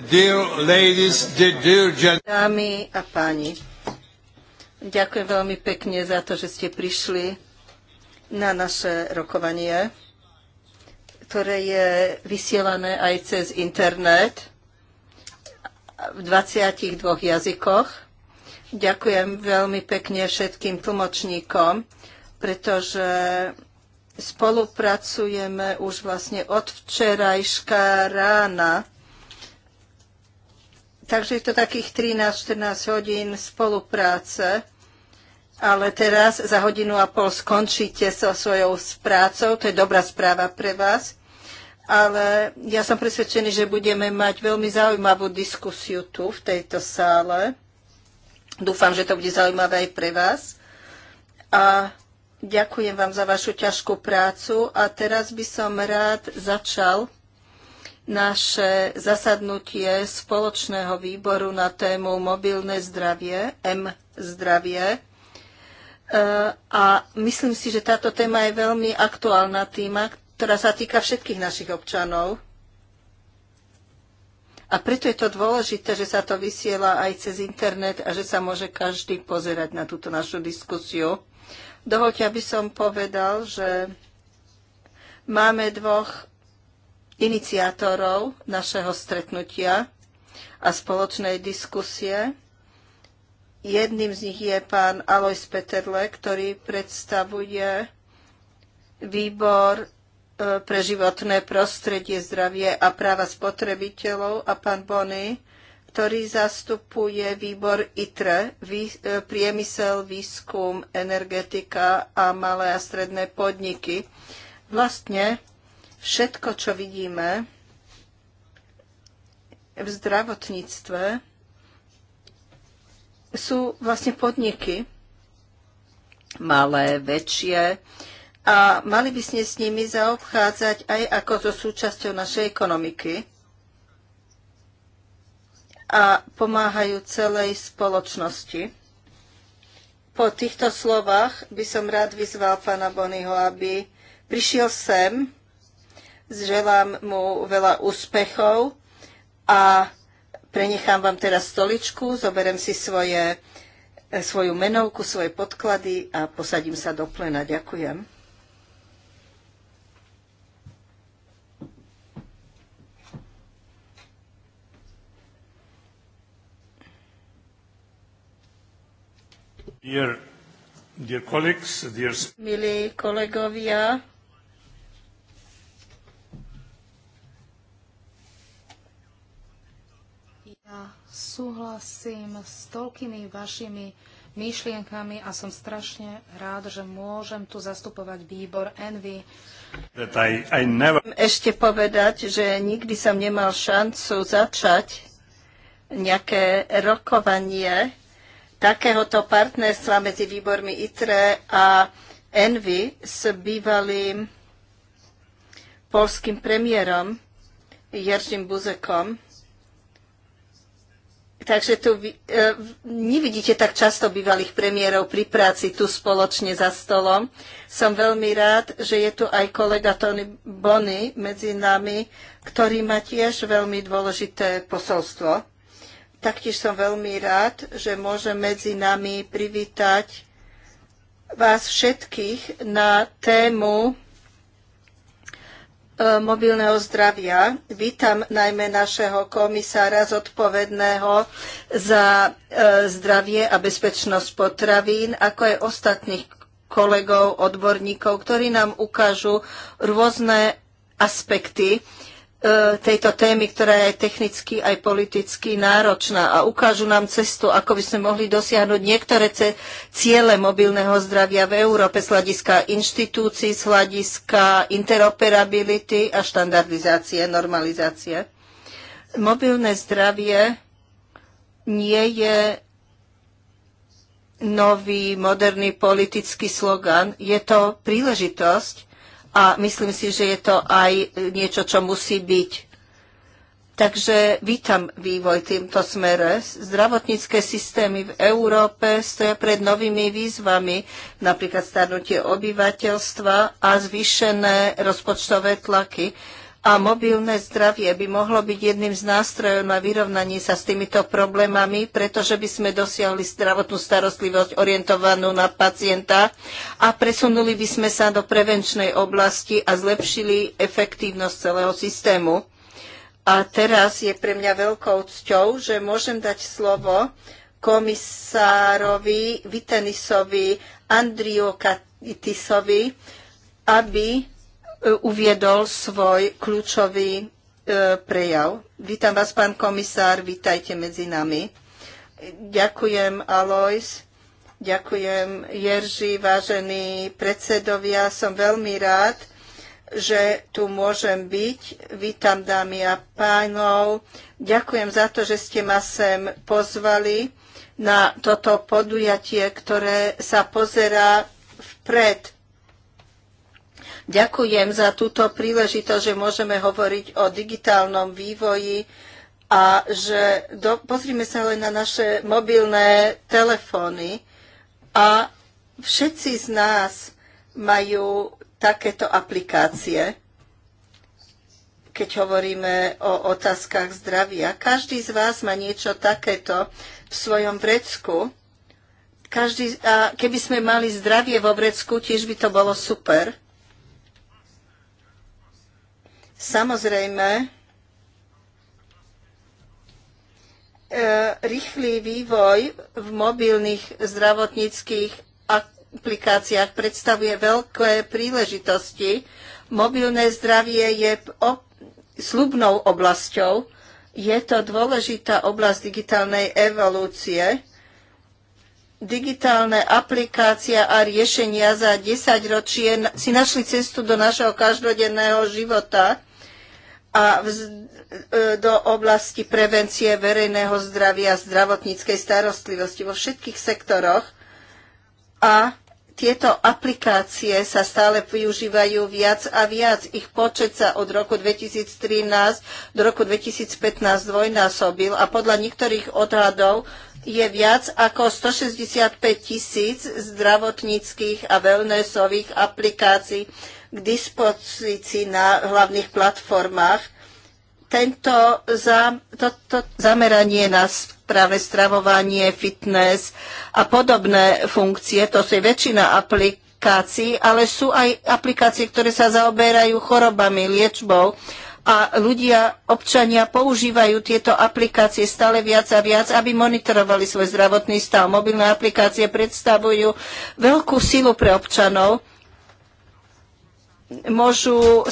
Dear ladies, dear Dámy a páni, ďakujem veľmi pekne za to, že ste prišli na naše rokovanie, ktoré je vysielané aj cez internet v 22 jazykoch. Ďakujem veľmi pekne všetkým tlmočníkom, pretože spolupracujeme už vlastne od včerajška rána Takže je to takých 13-14 hodín spolupráce. Ale teraz za hodinu a pol skončíte so svojou prácou. To je dobrá správa pre vás. Ale ja som presvedčený, že budeme mať veľmi zaujímavú diskusiu tu, v tejto sále. Dúfam, že to bude zaujímavé aj pre vás. A ďakujem vám za vašu ťažkú prácu. A teraz by som rád začal naše zasadnutie spoločného výboru na tému mobilné zdravie, M zdravie. Eh, a myslím si, že táto téma je veľmi aktuálna téma, ktorá sa týka všetkých našich občanov. A preto je to dôležité, že sa to vysiela aj cez internet a že sa môže každý pozerať na túto našu diskusiu. Dovolte, aby som povedal, že máme dvoch iniciátorov našeho stretnutia a spoločnej diskusie. Jedným z nich je pán Alois Peterle, ktorý predstavuje výbor e, pre životné prostredie, zdravie a práva spotrebiteľov a pán Bony, ktorý zastupuje výbor ITRE, e, priemysel, výskum, energetika a malé a stredné podniky. Vlastne Všetko, čo vidíme v zdravotníctve, sú vlastne podniky, malé, väčšie, a mali by sme s nimi zaobchádzať aj ako so súčasťou našej ekonomiky a pomáhajú celej spoločnosti. Po týchto slovách by som rád vyzval pána Bonyho, aby prišiel sem Želám mu veľa úspechov a prenechám vám teraz stoličku, zoberem si svoje, e, svoju menovku, svoje podklady a posadím sa do plena. Ďakujem. Dear, dear dear... Milí kolegovia, súhlasím s toľkými vašimi myšlienkami a som strašne rád, že môžem tu zastupovať výbor Envy. I, I never... Ešte povedať, že nikdy som nemal šancu začať nejaké rokovanie takéhoto partnerstva medzi výbormi ITRE a Envy s bývalým polským premiérom Jerzym Buzekom Takže tu e, nevidíte tak často bývalých premiérov pri práci tu spoločne za stolom. Som veľmi rád, že je tu aj kolega Tony Bonny medzi nami, ktorý má tiež veľmi dôležité posolstvo. Taktiež som veľmi rád, že môžem medzi nami privítať vás všetkých na tému E, mobilného zdravia. Vítam najmä našeho komisára zodpovedného za e, zdravie a bezpečnosť potravín, ako aj ostatných kolegov, odborníkov, ktorí nám ukážu rôzne aspekty E, tejto témy, ktorá je technicky aj politicky náročná a ukážu nám cestu, ako by sme mohli dosiahnuť niektoré ciele mobilného zdravia v Európe z hľadiska inštitúcií, z hľadiska interoperability a štandardizácie, normalizácie. Mobilné zdravie nie je nový moderný politický slogan, je to príležitosť, a myslím si, že je to aj niečo, čo musí byť. Takže vítam vývoj týmto smere. Zdravotnícke systémy v Európe stoja pred novými výzvami, napríklad starnutie obyvateľstva a zvýšené rozpočtové tlaky a mobilné zdravie by mohlo byť jedným z nástrojov na vyrovnanie sa s týmito problémami, pretože by sme dosiahli zdravotnú starostlivosť orientovanú na pacienta a presunuli by sme sa do prevenčnej oblasti a zlepšili efektívnosť celého systému. A teraz je pre mňa veľkou cťou, že môžem dať slovo komisárovi Vitenisovi Andriu Katisovi, aby E, uviedol svoj kľúčový e, prejav. Vítam vás, pán komisár, vítajte medzi nami. Ďakujem, Alois. Ďakujem, Jerži, vážení predsedovia. Som veľmi rád, že tu môžem byť. Vítam dámy a pánov. Ďakujem za to, že ste ma sem pozvali na toto podujatie, ktoré sa pozerá vpred Ďakujem za túto príležitosť, že môžeme hovoriť o digitálnom vývoji a že do, pozrime sa len na naše mobilné telefóny a všetci z nás majú takéto aplikácie, keď hovoríme o otázkach zdravia. Každý z vás má niečo takéto v svojom vrecku. Každý, a keby sme mali zdravie vo vrecku, tiež by to bolo super. Samozrejme, e, rýchly vývoj v mobilných zdravotníckých aplikáciách predstavuje veľké príležitosti. Mobilné zdravie je slubnou oblasťou. Je to dôležitá oblasť digitálnej evolúcie. Digitálne aplikácia a riešenia za 10 ročie si našli cestu do našeho každodenného života a e, do oblasti prevencie verejného zdravia, a zdravotníckej starostlivosti vo všetkých sektoroch. A tieto aplikácie sa stále využívajú viac a viac. Ich počet sa od roku 2013 do roku 2015 dvojnásobil a podľa niektorých odhadov je viac ako 165 tisíc zdravotníckých a wellnessových aplikácií k dispozícii na hlavných platformách. Tento za, to, to zameranie na práve stravovanie, fitness a podobné funkcie, to sú väčšina aplikácií, ale sú aj aplikácie, ktoré sa zaoberajú chorobami, liečbou a ľudia, občania používajú tieto aplikácie stále viac a viac, aby monitorovali svoj zdravotný stav. Mobilné aplikácie predstavujú veľkú silu pre občanov môžu, e,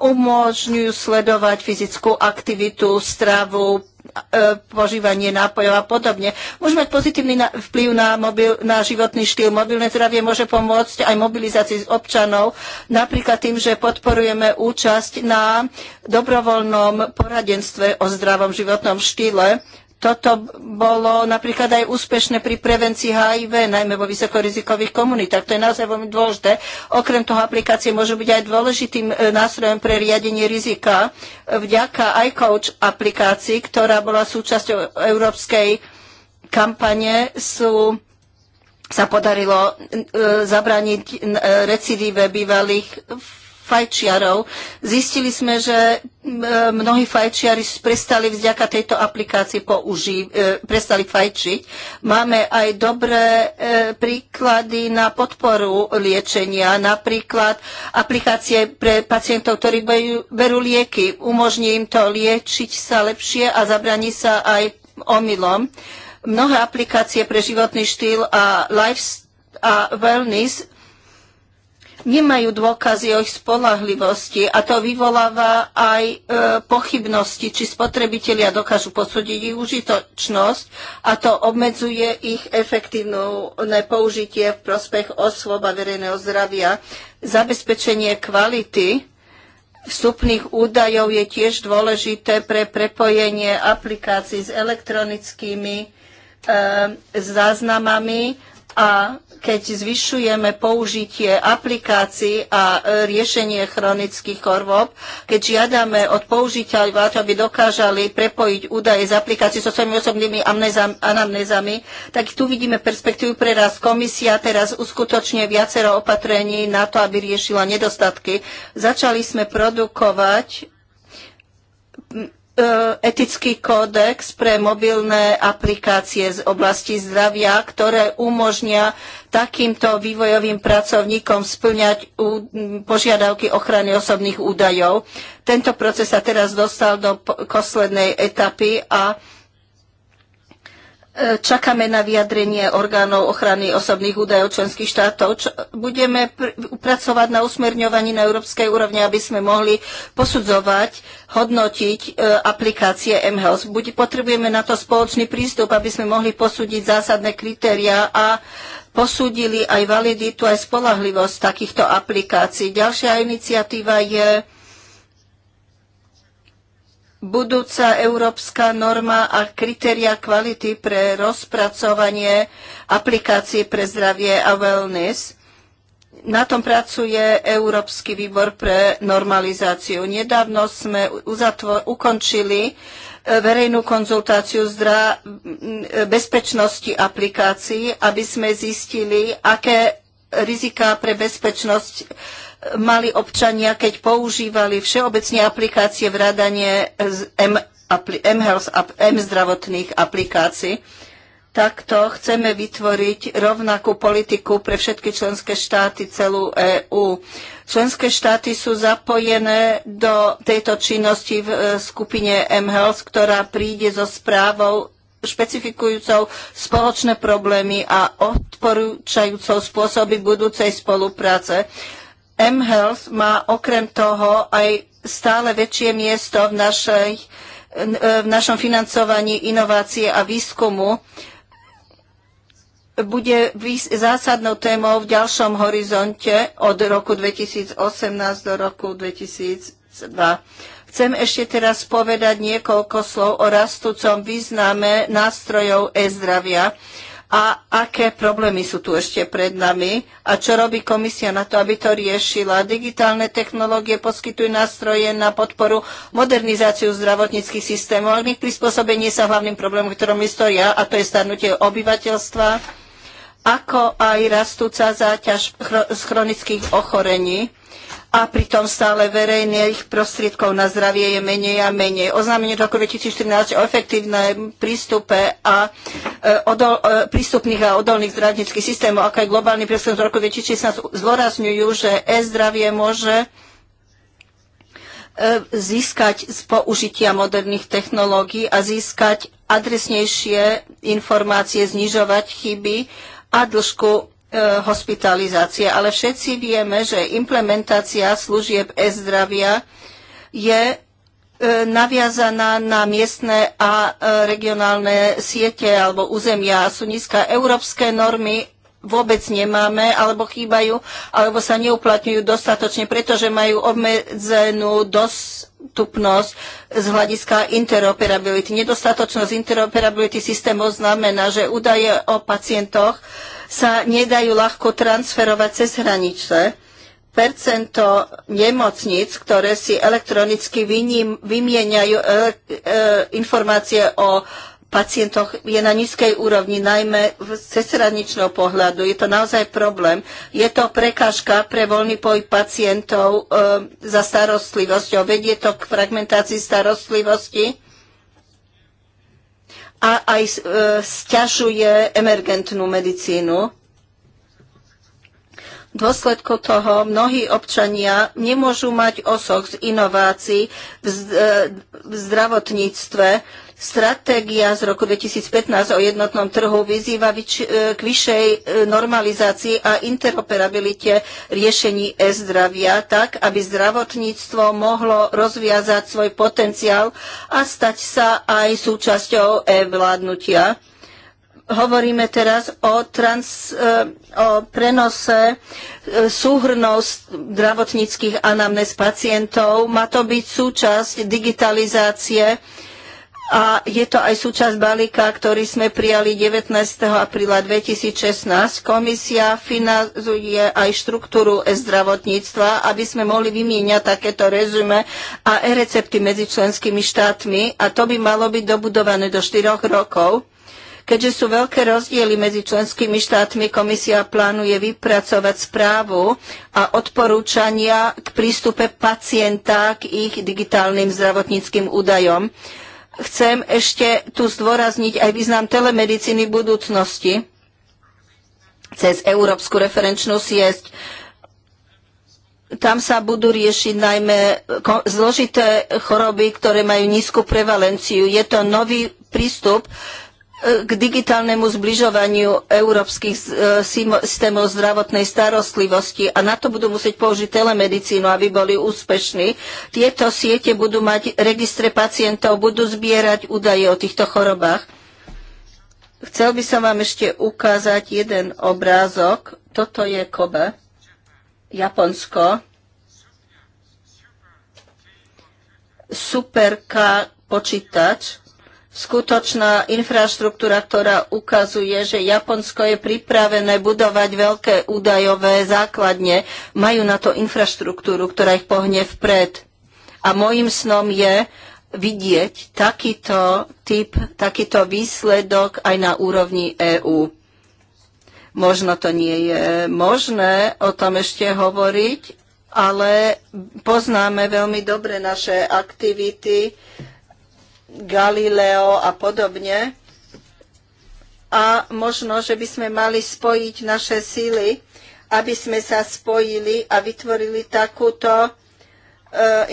umožňujú sledovať fyzickú aktivitu, stravu, e, požívanie nápojov a podobne. Môže mať pozitívny vplyv na, mobil, na životný štýl. Mobilné zdravie môže pomôcť aj mobilizácii občanov, napríklad tým, že podporujeme účasť na dobrovoľnom poradenstve o zdravom životnom štýle. Toto bolo napríklad aj úspešné pri prevencii HIV, najmä vo vysokorizikových komunitách. To je naozaj veľmi dôležité. Okrem toho aplikácie môžu byť aj dôležitým e, nástrojom pre riadenie rizika e, vďaka iCoach aplikácii, ktorá bola súčasťou európskej kampane, sú sa podarilo e, zabrániť e, recidíve bývalých fajčiarov. Zistili sme, že e, mnohí fajčiari prestali vďaka tejto aplikácii použi- e, prestali fajčiť. Máme aj dobré e, príklady na podporu liečenia, napríklad aplikácie pre pacientov, ktorí berú lieky. Umožní im to liečiť sa lepšie a zabraní sa aj omylom. Mnohé aplikácie pre životný štýl a lifestyle a wellness nemajú dôkazy o ich spolahlivosti a to vyvoláva aj e, pochybnosti, či spotrebitelia dokážu posúdiť ich užitočnosť a to obmedzuje ich efektívne použitie v prospech osôb a verejného zdravia. Zabezpečenie kvality vstupných údajov je tiež dôležité pre prepojenie aplikácií s elektronickými e, záznamami a keď zvyšujeme použitie aplikácií a e, riešenie chronických chorôb, keď žiadame od použiteľov, aby dokážali prepojiť údaje z aplikácií so svojimi osobnými anamnézami, tak tu vidíme perspektívu pre raz. Komisia teraz uskutočne viacero opatrení na to, aby riešila nedostatky. Začali sme produkovať E, etický kódex pre mobilné aplikácie z oblasti zdravia, ktoré umožnia takýmto vývojovým pracovníkom splňať požiadavky ochrany osobných údajov. Tento proces sa teraz dostal do poslednej etapy a E, čakáme na vyjadrenie orgánov ochrany osobných údajov členských štátov. Čo, budeme pr- pracovať na usmerňovaní na európskej úrovni, aby sme mohli posudzovať, hodnotiť e, aplikácie MHOS. Bude, potrebujeme na to spoločný prístup, aby sme mohli posúdiť zásadné kritéria a posúdili aj validitu, aj spolahlivosť takýchto aplikácií. Ďalšia iniciatíva je budúca európska norma a kritéria kvality pre rozpracovanie aplikácií pre zdravie a wellness. Na tom pracuje Európsky výbor pre normalizáciu. Nedávno sme uzatvor, ukončili e, verejnú konzultáciu zdra, bezpečnosti aplikácií, aby sme zistili, aké rizika pre bezpečnosť mali občania, keď používali všeobecne aplikácie v vrádanie m zdravotných aplikácií. Takto chceme vytvoriť rovnakú politiku pre všetky členské štáty, celú EÚ. Členské štáty sú zapojené do tejto činnosti v e, skupine M-Health, ktorá príde so správou špecifikujúcou spoločné problémy a odporúčajúcou spôsoby budúcej spolupráce mHealth má okrem toho aj stále väčšie miesto v, našej, v našom financovaní inovácie a výskumu bude zásadnou témou v ďalšom horizonte od roku 2018 do roku 2002. Chcem ešte teraz povedať niekoľko slov o rastúcom význame nástrojov e-zdravia a aké problémy sú tu ešte pred nami a čo robí komisia na to, aby to riešila. Digitálne technológie poskytujú nástroje na podporu modernizáciu zdravotníckých systémov, ale ich prispôsobenie sa hlavným problémom, ktorom história, a to je starnutie obyvateľstva, ako aj rastúca záťaž z chronických ochorení a pritom stále verejných prostriedkov na zdravie je menej a menej. Oznámenie do roku 2014 o efektívnom prístupe a e, odol, e, prístupných a odolných zdravnických systémov, ako aj globálny prieskum z roku 2016 zdôrazňujú, že e-zdravie môže e, získať z použitia moderných technológií a získať adresnejšie informácie, znižovať chyby a dĺžku E, hospitalizácie, ale všetci vieme, že implementácia služieb e-zdravia je e, naviazaná na miestne a e, regionálne siete alebo územia sú nízka európske normy vôbec nemáme, alebo chýbajú, alebo sa neuplatňujú dostatočne, pretože majú obmedzenú dostupnosť z hľadiska interoperability. Nedostatočnosť interoperability systémov znamená, že údaje o pacientoch uh, sa nedajú ľahko transferovať cez hranice. Percento nemocníc, ktoré si elektronicky vymieňajú e, e, informácie o pacientoch je na nízkej úrovni, najmä v cezhraničného pohľadu. Je to naozaj problém. Je to prekážka pre voľný pohyb pacientov e, za starostlivosťou. Vedie to k fragmentácii starostlivosti a aj e, stiažuje emergentnú medicínu. V dôsledku toho mnohí občania nemôžu mať osoch z inovácií v e, zdravotníctve, Stratégia z roku 2015 o jednotnom trhu vyzýva e, k vyššej e, normalizácii a interoperabilite riešení e-zdravia tak, aby zdravotníctvo mohlo rozviazať svoj potenciál a stať sa aj súčasťou e-vládnutia. Hovoríme teraz o, trans, e, o prenose súhrnov zdravotníckých anamnes pacientov. Má to byť súčasť digitalizácie a je to aj súčasť balíka, ktorý sme prijali 19. apríla 2016. Komisia finanzuje aj štruktúru e zdravotníctva, aby sme mohli vymieňať takéto rezume a e-recepty medzi členskými štátmi a to by malo byť dobudované do 4 rokov. Keďže sú veľké rozdiely medzi členskými štátmi, komisia plánuje vypracovať správu a odporúčania k prístupe pacienta k ich digitálnym zdravotníckým údajom. Chcem ešte tu zdôrazniť aj význam telemedicíny v budúcnosti cez Európsku referenčnú sieť. Tam sa budú riešiť najmä zložité choroby, ktoré majú nízku prevalenciu. Je to nový prístup, k digitálnemu zbližovaniu európskych e, systémov zdravotnej starostlivosti a na to budú musieť použiť telemedicínu, aby boli úspešní. Tieto siete budú mať registre pacientov, budú zbierať údaje o týchto chorobách. Chcel by som vám ešte ukázať jeden obrázok. Toto je Kobe, Japonsko. Superka počítač, skutočná infraštruktúra, ktorá ukazuje, že Japonsko je pripravené budovať veľké údajové základne. Majú na to infraštruktúru, ktorá ich pohne vpred. A môjim snom je vidieť takýto typ, takýto výsledok aj na úrovni EÚ. Možno to nie je možné o tom ešte hovoriť, ale poznáme veľmi dobre naše aktivity Galileo a podobne. A možno, že by sme mali spojiť naše síly, aby sme sa spojili a vytvorili takúto e,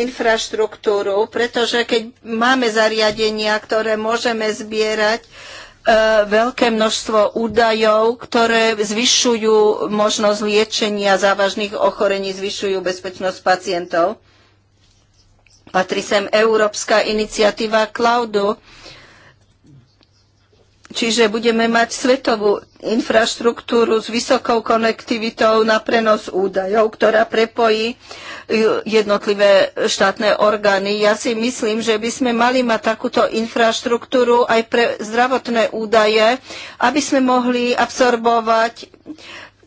infraštruktúru, pretože keď máme zariadenia, ktoré môžeme zbierať, e, veľké množstvo údajov, ktoré zvyšujú možnosť liečenia závažných ochorení, zvyšujú bezpečnosť pacientov. Patrí sem Európska iniciatíva cloudu. Čiže budeme mať svetovú infraštruktúru s vysokou konektivitou na prenos údajov, ktorá prepojí e, jednotlivé štátne orgány. Ja si myslím, že by sme mali mať takúto infraštruktúru aj pre zdravotné údaje, aby sme mohli absorbovať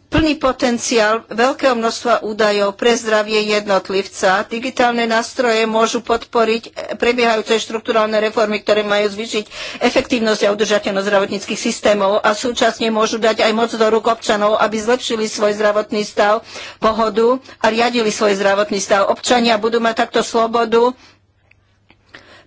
plný potenciál veľkého množstva údajov pre zdravie jednotlivca. Digitálne nástroje môžu podporiť prebiehajúce štruktúralne reformy, ktoré majú zvýšiť efektívnosť a udržateľnosť zdravotníckých systémov a súčasne môžu dať aj moc do rúk občanov, aby zlepšili svoj zdravotný stav, pohodu a riadili svoj zdravotný stav. Občania budú mať takto slobodu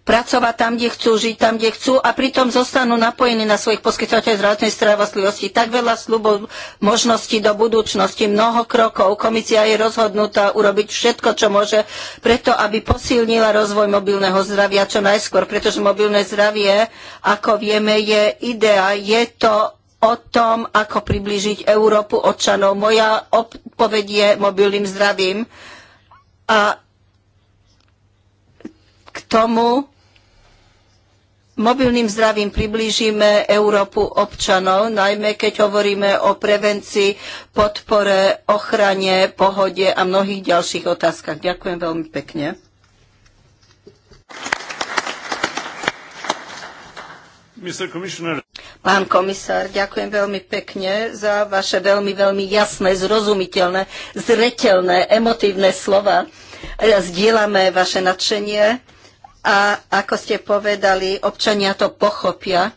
pracovať tam, kde chcú, žiť tam, kde chcú a pritom zostanú napojení na svojich poskytovateľov zdravotnej starostlivosti. Tak veľa slubov, možností do budúcnosti, mnoho krokov. Komisia je rozhodnutá urobiť všetko, čo môže, preto aby posilnila rozvoj mobilného zdravia čo najskôr, pretože mobilné zdravie, ako vieme, je idea, je to o tom, ako približiť Európu občanov. Moja odpoveď je mobilným zdravím. A k tomu mobilným zdravím priblížime Európu občanov, najmä keď hovoríme o prevencii, podpore, ochrane, pohode a mnohých ďalších otázkach. Ďakujem veľmi pekne. Pán komisár, ďakujem veľmi pekne za vaše veľmi, veľmi jasné, zrozumiteľné, zreteľné, emotívne slova. Zdieľame vaše nadšenie a ako ste povedali, občania to pochopia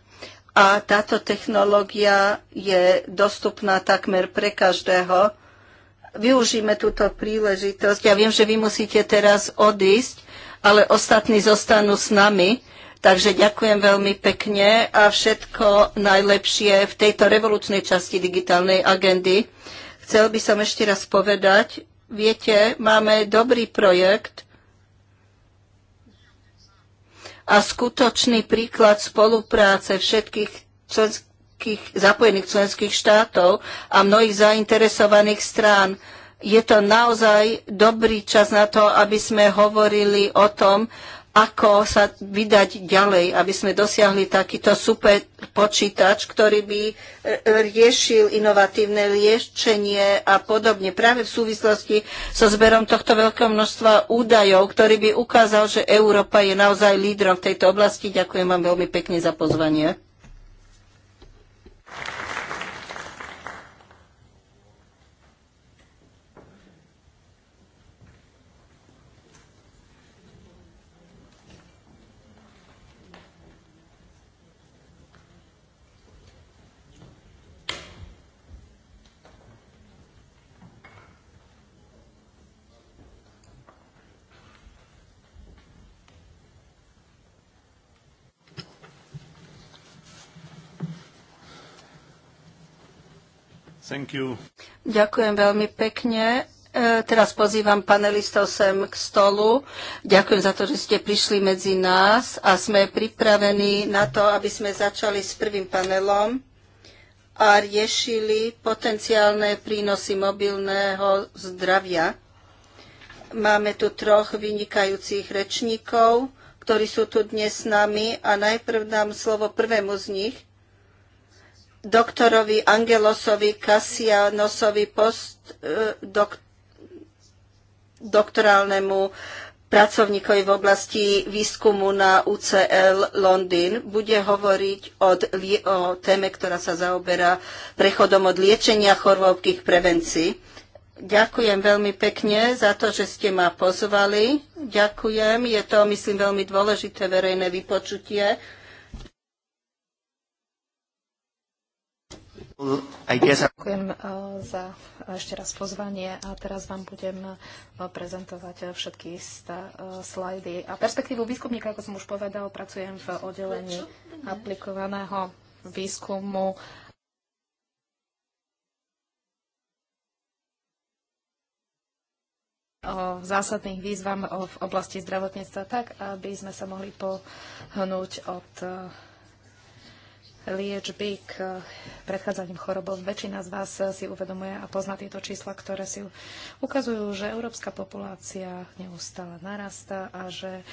a táto technológia je dostupná takmer pre každého. Využíme túto príležitosť. Ja viem, že vy musíte teraz odísť, ale ostatní zostanú s nami. Takže ďakujem veľmi pekne a všetko najlepšie v tejto revolučnej časti digitálnej agendy. Chcel by som ešte raz povedať, viete, máme dobrý projekt, a skutočný príklad spolupráce všetkých členských, zapojených členských štátov a mnohých zainteresovaných strán. Je to naozaj dobrý čas na to, aby sme hovorili o tom, ako sa vydať ďalej, aby sme dosiahli takýto super počítač, ktorý by e, riešil inovatívne liečenie a podobne. Práve v súvislosti so zberom tohto veľkého množstva údajov, ktorý by ukázal, že Európa je naozaj lídrom v tejto oblasti. Ďakujem vám veľmi pekne za pozvanie. Thank you. Ďakujem veľmi pekne. E, teraz pozývam panelistov sem k stolu. Ďakujem za to, že ste prišli medzi nás a sme pripravení na to, aby sme začali s prvým panelom a riešili potenciálne prínosy mobilného zdravia. Máme tu troch vynikajúcich rečníkov, ktorí sú tu dnes s nami a najprv dám slovo prvému z nich, doktorovi Angelosovi Kasianosovi postdoktorálnemu eh, dok, pracovníkovi v oblasti výskumu na UCL Londýn bude hovoriť od, o téme, ktorá sa zaoberá prechodom od liečenia chorôb k prevencii. Ďakujem veľmi pekne za to, že ste ma pozvali. Ďakujem. Je to, myslím, veľmi dôležité verejné vypočutie. Ďakujem eh, za eh, ešte raz pozvanie a teraz vám budem eh, prezentovať všetky slajdy. A perspektívu výskumníka, ako som už povedal, pracujem v oddelení aplikovaného výskumu o zásadných výzvam v oblasti zdravotníctva tak, aby sme sa mohli pohnúť od liečby k eh, predchádzaním chorobov. Väčšina z vás eh, si uvedomuje a pozná tieto čísla, ktoré si ukazujú, že európska populácia neustále narastá a že eh,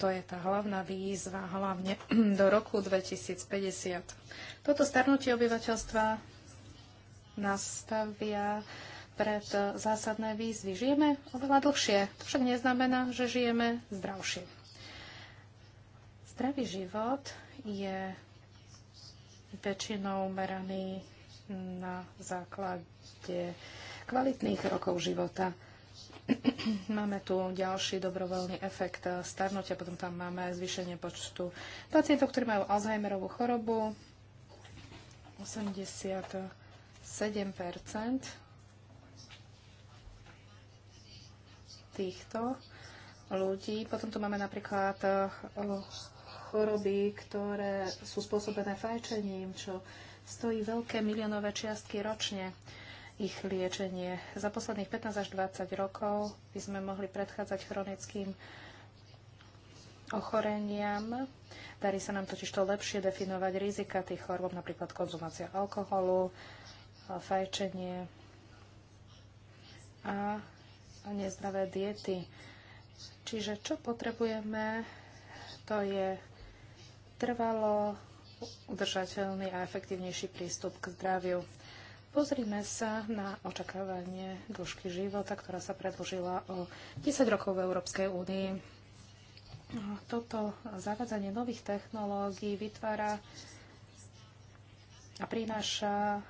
to je tá hlavná výzva, hlavne do roku 2050. Toto starnutie obyvateľstva nastavia pred zásadné výzvy. Žijeme oveľa dlhšie, to však neznamená, že žijeme zdravšie. Zdravý život je väčšinou meraný na základe kvalitných rokov života. Máme tu ďalší dobrovoľný efekt starnutia, potom tam máme zvýšenie počtu pacientov, ktorí majú Alzheimerovú chorobu. 87 týchto ľudí. Potom tu máme napríklad eh, choroby, ktoré sú spôsobené fajčením, čo stojí veľké miliónové čiastky ročne ich liečenie. Za posledných 15 až 20 rokov by sme mohli predchádzať chronickým ochoreniam. Darí sa nám totiž to lepšie definovať rizika tých chorôb, napríklad konzumácia alkoholu, fajčenie a nezdravé diety. Čiže čo potrebujeme, to je trvalo udržateľný a efektívnejší prístup k zdraviu. Pozrime sa na očakávanie dĺžky života, ktorá sa predložila o 10 rokov v Európskej únii. Toto zavádzanie nových technológií vytvára a prináša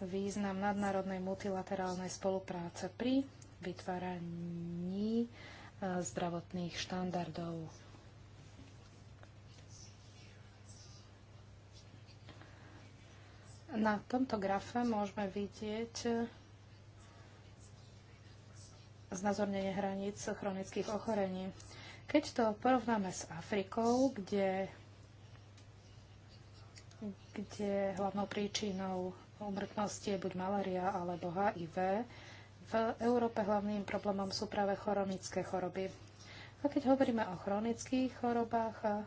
význam nadnárodnej multilaterálnej spolupráce pri vytváraní eh, zdravotných štandardov Na tomto grafe môžeme vidieť e, znázornenie hraníc chronických ochorení. Keď to porovnáme s Afrikou, kde, kde hlavnou príčinou umrtnosti je buď malária alebo HIV, v Európe hlavným problémom sú práve chronické choroby. A keď hovoríme o chronických chorobách,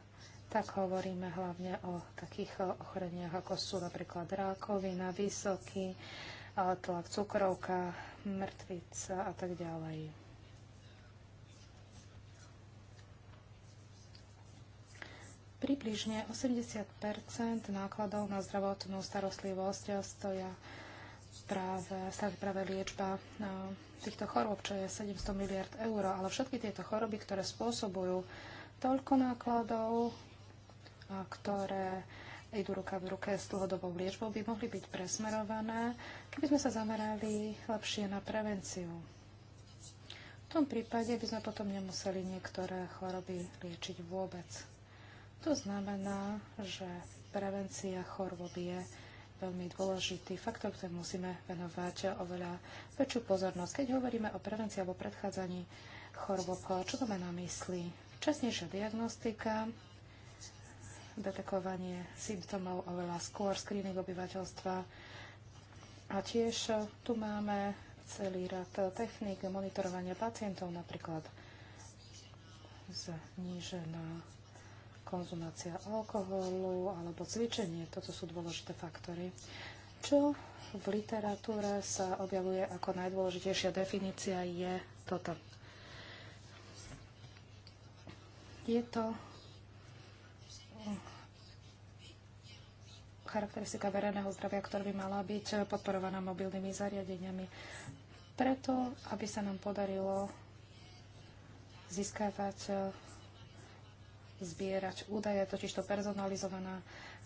tak hovoríme hlavne o takých ochoreniach, ako sú napríklad rákovina, vysoký tlak cukrovka, mŕtvica a tak ďalej. Približne 80 nákladov na zdravotnú starostlivosť stoja práve, stále práve liečba týchto chorôb, čo je 700 miliard eur. Ale všetky tieto choroby, ktoré spôsobujú toľko nákladov, ktoré idú ruka v ruke s dlhodobou liečbou, by mohli byť presmerované, keby sme sa zamerali lepšie na prevenciu. V tom prípade by sme potom nemuseli niektoré choroby liečiť vôbec. To znamená, že prevencia chorôb je veľmi dôležitý faktor, ktorý musíme venovať oveľa väčšiu pozornosť. Keď hovoríme o prevencii alebo predchádzaní chorôb, čo to má na mysli? Včasnejšia diagnostika, detekovanie symptómov oveľa skôr, screening obyvateľstva. A tiež tu máme celý rad techník monitorovania pacientov, napríklad znížená konzumácia alkoholu alebo cvičenie. Toto sú dôležité faktory. Čo v literatúre sa objavuje ako najdôležitejšia definícia je toto. Je to charakteristika verejného zdravia, ktorá by mala byť podporovaná mobilnými zariadeniami. Preto, aby sa nám podarilo získavať, e, zbierať údaje, totiž to personalizovaná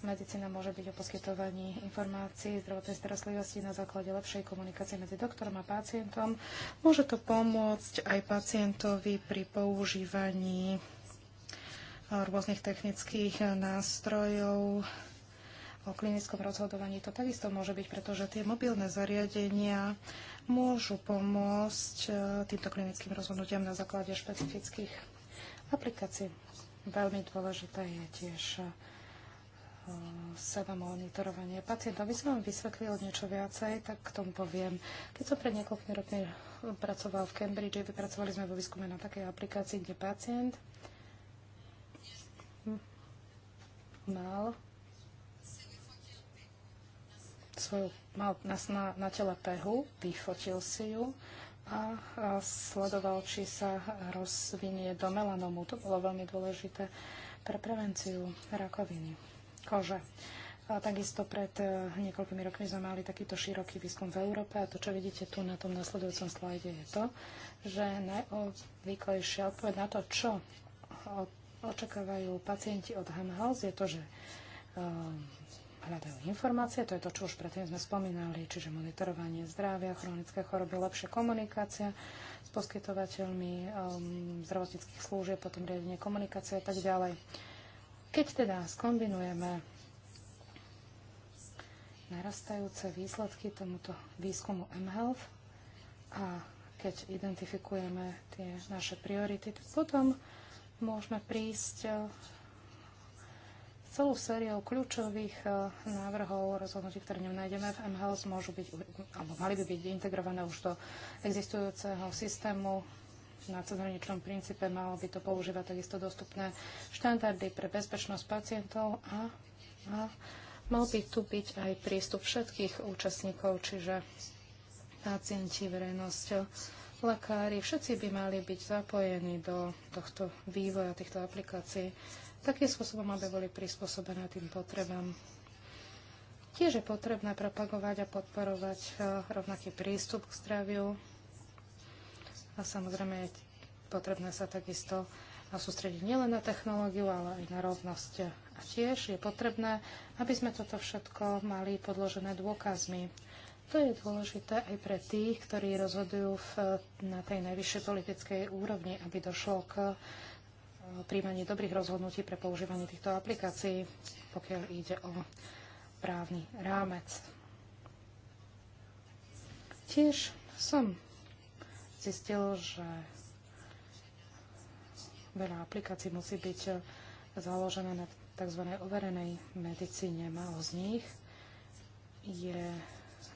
medicína môže byť o poskytovaní informácií zdravotnej starostlivosti na základe lepšej komunikácie medzi doktorom a pacientom. Môže to pomôcť aj pacientovi pri používaní e, rôznych technických e, nástrojov o klinickom rozhodovaní to takisto môže byť, pretože tie mobilné zariadenia môžu pomôcť e, týmto klinickým rozhodnutiam na základe špecifických aplikácií. Veľmi dôležité je tiež e, seba monitorovanie pacientov. Aby som vám vysvetlil niečo viacej, tak k tomu poviem. Keď som pred niekoľkými rokmi pracoval v Cambridge, vypracovali sme vo výskume na takej aplikácii, kde pacient mal svoju, mal na, na, na tele pehu, vyfotil si ju a, a sledoval, či sa rozvinie do melanomu. To bolo veľmi dôležité pre prevenciu rakoviny kože. A takisto pred uh, niekoľkými rokmi sme mali takýto široký výskum v Európe a to, čo vidíte tu na tom nasledujúcom slajde, je to, že najobvyklejšia odpoveď na to, čo očakávajú pacienti od Hamhouse, je to, že uh, hľadajú informácie, to je to, čo už predtým sme spomínali, čiže monitorovanie zdravia, chronické choroby, lepšia komunikácia s poskytovateľmi um, zdravotníckých služieb, potom riadenie komunikácie a tak ďalej. Keď teda skombinujeme narastajúce výsledky tomuto výskumu mHealth a keď identifikujeme tie naše priority, tak potom môžeme prísť celú sériou kľúčových e, návrhov rozhodnutí, ktoré ňom nájdeme v MHLS, môžu byť, alebo mali by byť integrované už do existujúceho systému na cezhraničnom princípe malo by to používať takisto dostupné štandardy pre bezpečnosť pacientov a, a mal by tu byť aj prístup všetkých účastníkov, čiže pacienti, verejnosť, lekári, všetci by mali byť zapojení do tohto vývoja týchto aplikácií takým spôsobom, aby boli prispôsobené tým potrebám. Tiež je potrebné propagovať a podporovať e, rovnaký prístup k zdraviu a samozrejme je potrebné sa takisto sústrediť nielen na technológiu, ale aj na rovnosť. A tiež je potrebné, aby sme toto všetko mali podložené dôkazmi. To je dôležité aj pre tých, ktorí rozhodujú v, na tej najvyššej politickej úrovni, aby došlo k príjmanie dobrých rozhodnutí pre používanie týchto aplikácií, pokiaľ ide o právny rámec. Tiež som zistil, že veľa aplikácií musí byť založené na tzv. overenej medicíne. Málo z nich je eh,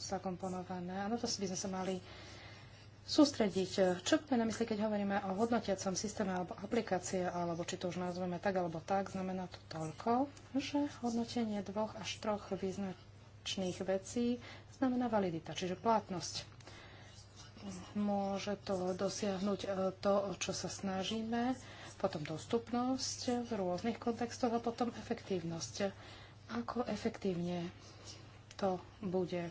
zakomponované. Áno, to by sme sa mali sústrediť. Eh, čo máme na mysli, keď hovoríme o hodnotiacom systéme alebo aplikácie, alebo či to už nazveme tak alebo tak, znamená to toľko, že hodnotenie dvoch až troch význačných vecí znamená validita, čiže platnosť. Môže to dosiahnuť eh, to, o čo sa snažíme, potom dostupnosť v rôznych kontextoch a potom efektívnosť. Ako efektívne to bude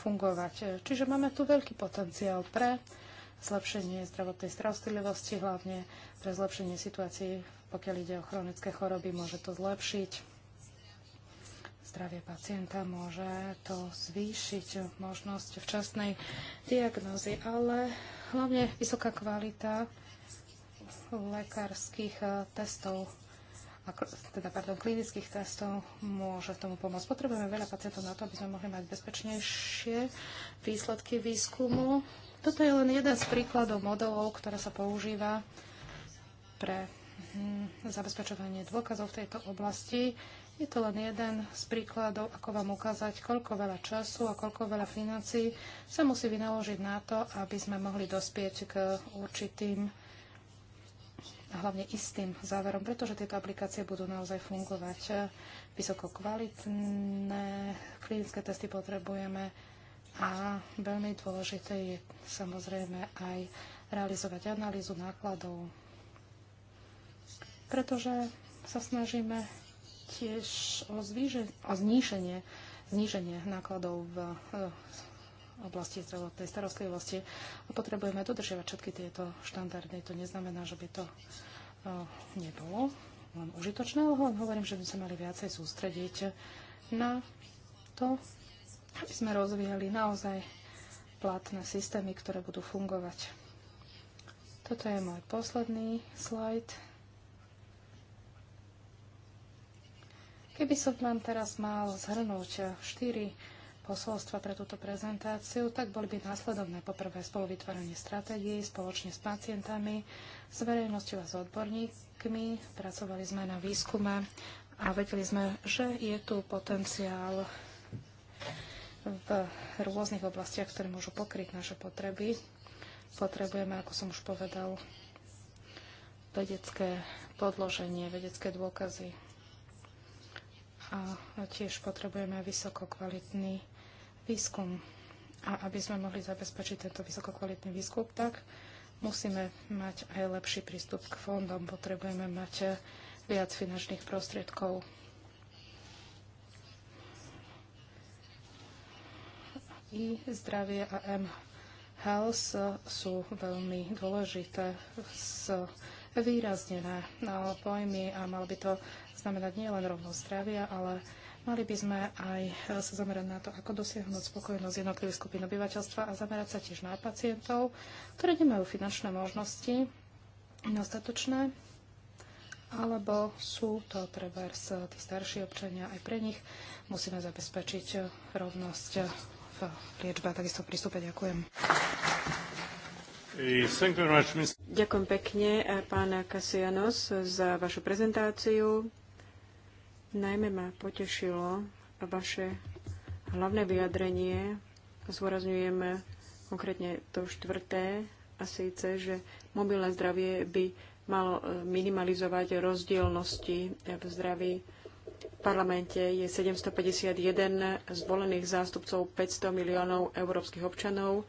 fungovať. Čiže máme tu veľký potenciál pre zlepšenie zdravotnej starostlivosti, hlavne pre zlepšenie situácií, pokiaľ ide o chronické choroby, môže to zlepšiť zdravie pacienta, môže to zvýšiť možnosť včasnej diagnózy, ale hlavne vysoká kvalita lekárskych testov teda, pardon, klinických testov môže tomu pomôcť. Potrebujeme veľa pacientov na to, aby sme mohli mať bezpečnejšie výsledky výskumu. Toto je len jeden z príkladov modelov, ktorá sa používa pre hm, zabezpečovanie dôkazov v tejto oblasti. Je to len jeden z príkladov, ako vám ukázať, koľko veľa času a koľko veľa financí sa musí vynaložiť na to, aby sme mohli dospieť k určitým hlavne istým záverom, pretože tieto aplikácie budú naozaj fungovať eh, vysoko kvalitné. Klinické testy potrebujeme a veľmi dôležité je samozrejme aj realizovať analýzu nákladov, pretože sa snažíme tiež o, zvýže, o zníženie, zníženie nákladov v, v eh, oblasti zdravotnej starostlivosti. A potrebujeme dodržiavať všetky tieto štandardy. To neznamená, že by to nebolo len užitočné, ale len hovorím, že by sme mali viacej sústrediť na to, aby sme rozvíjali naozaj platné systémy, ktoré budú fungovať. Toto je môj posledný slajd. Keby som vám teraz mal zhrnúť eh, štyri posolstva pre túto prezentáciu, tak boli by následovné poprvé spoluvytvorenie stratégií spoločne s pacientami, s verejnosťou a s odborníkmi. Pracovali sme na výskume a vedeli sme, že je tu potenciál v rôznych oblastiach, ktoré môžu pokryť naše potreby. Potrebujeme, ako som už povedal, vedecké podloženie, vedecké dôkazy a tiež potrebujeme vysokokvalitný výskum. A aby sme mohli zabezpečiť tento vysokokvalitný výskum, tak musíme mať aj lepší prístup k fondom. Potrebujeme mať viac finančných prostriedkov. I zdravie a M health sú veľmi dôležité, sú výraznené pojmy a malo by to znamenať nielen rovnosť zdravia, ale Mali by sme aj e, sa zamerať na to, ako dosiahnuť spokojnosť jednotlivých skupín obyvateľstva a zamerať sa tiež na pacientov, ktorí nemajú finančné možnosti dostatočné, alebo sú to trebárs e, tí starší občania. Aj pre nich musíme zabezpečiť e, rovnosť v liečbe a takisto prístupe. Ďakujem. Ďakujem pekne, pán Kasianos, za vašu prezentáciu. Najmä ma potešilo vaše hlavné vyjadrenie. Zvorazňujem konkrétne to štvrté, a síce, že mobilné zdravie by malo e, minimalizovať rozdielnosti v zdraví. V parlamente je 751 zvolených zástupcov 500 miliónov európskych občanov.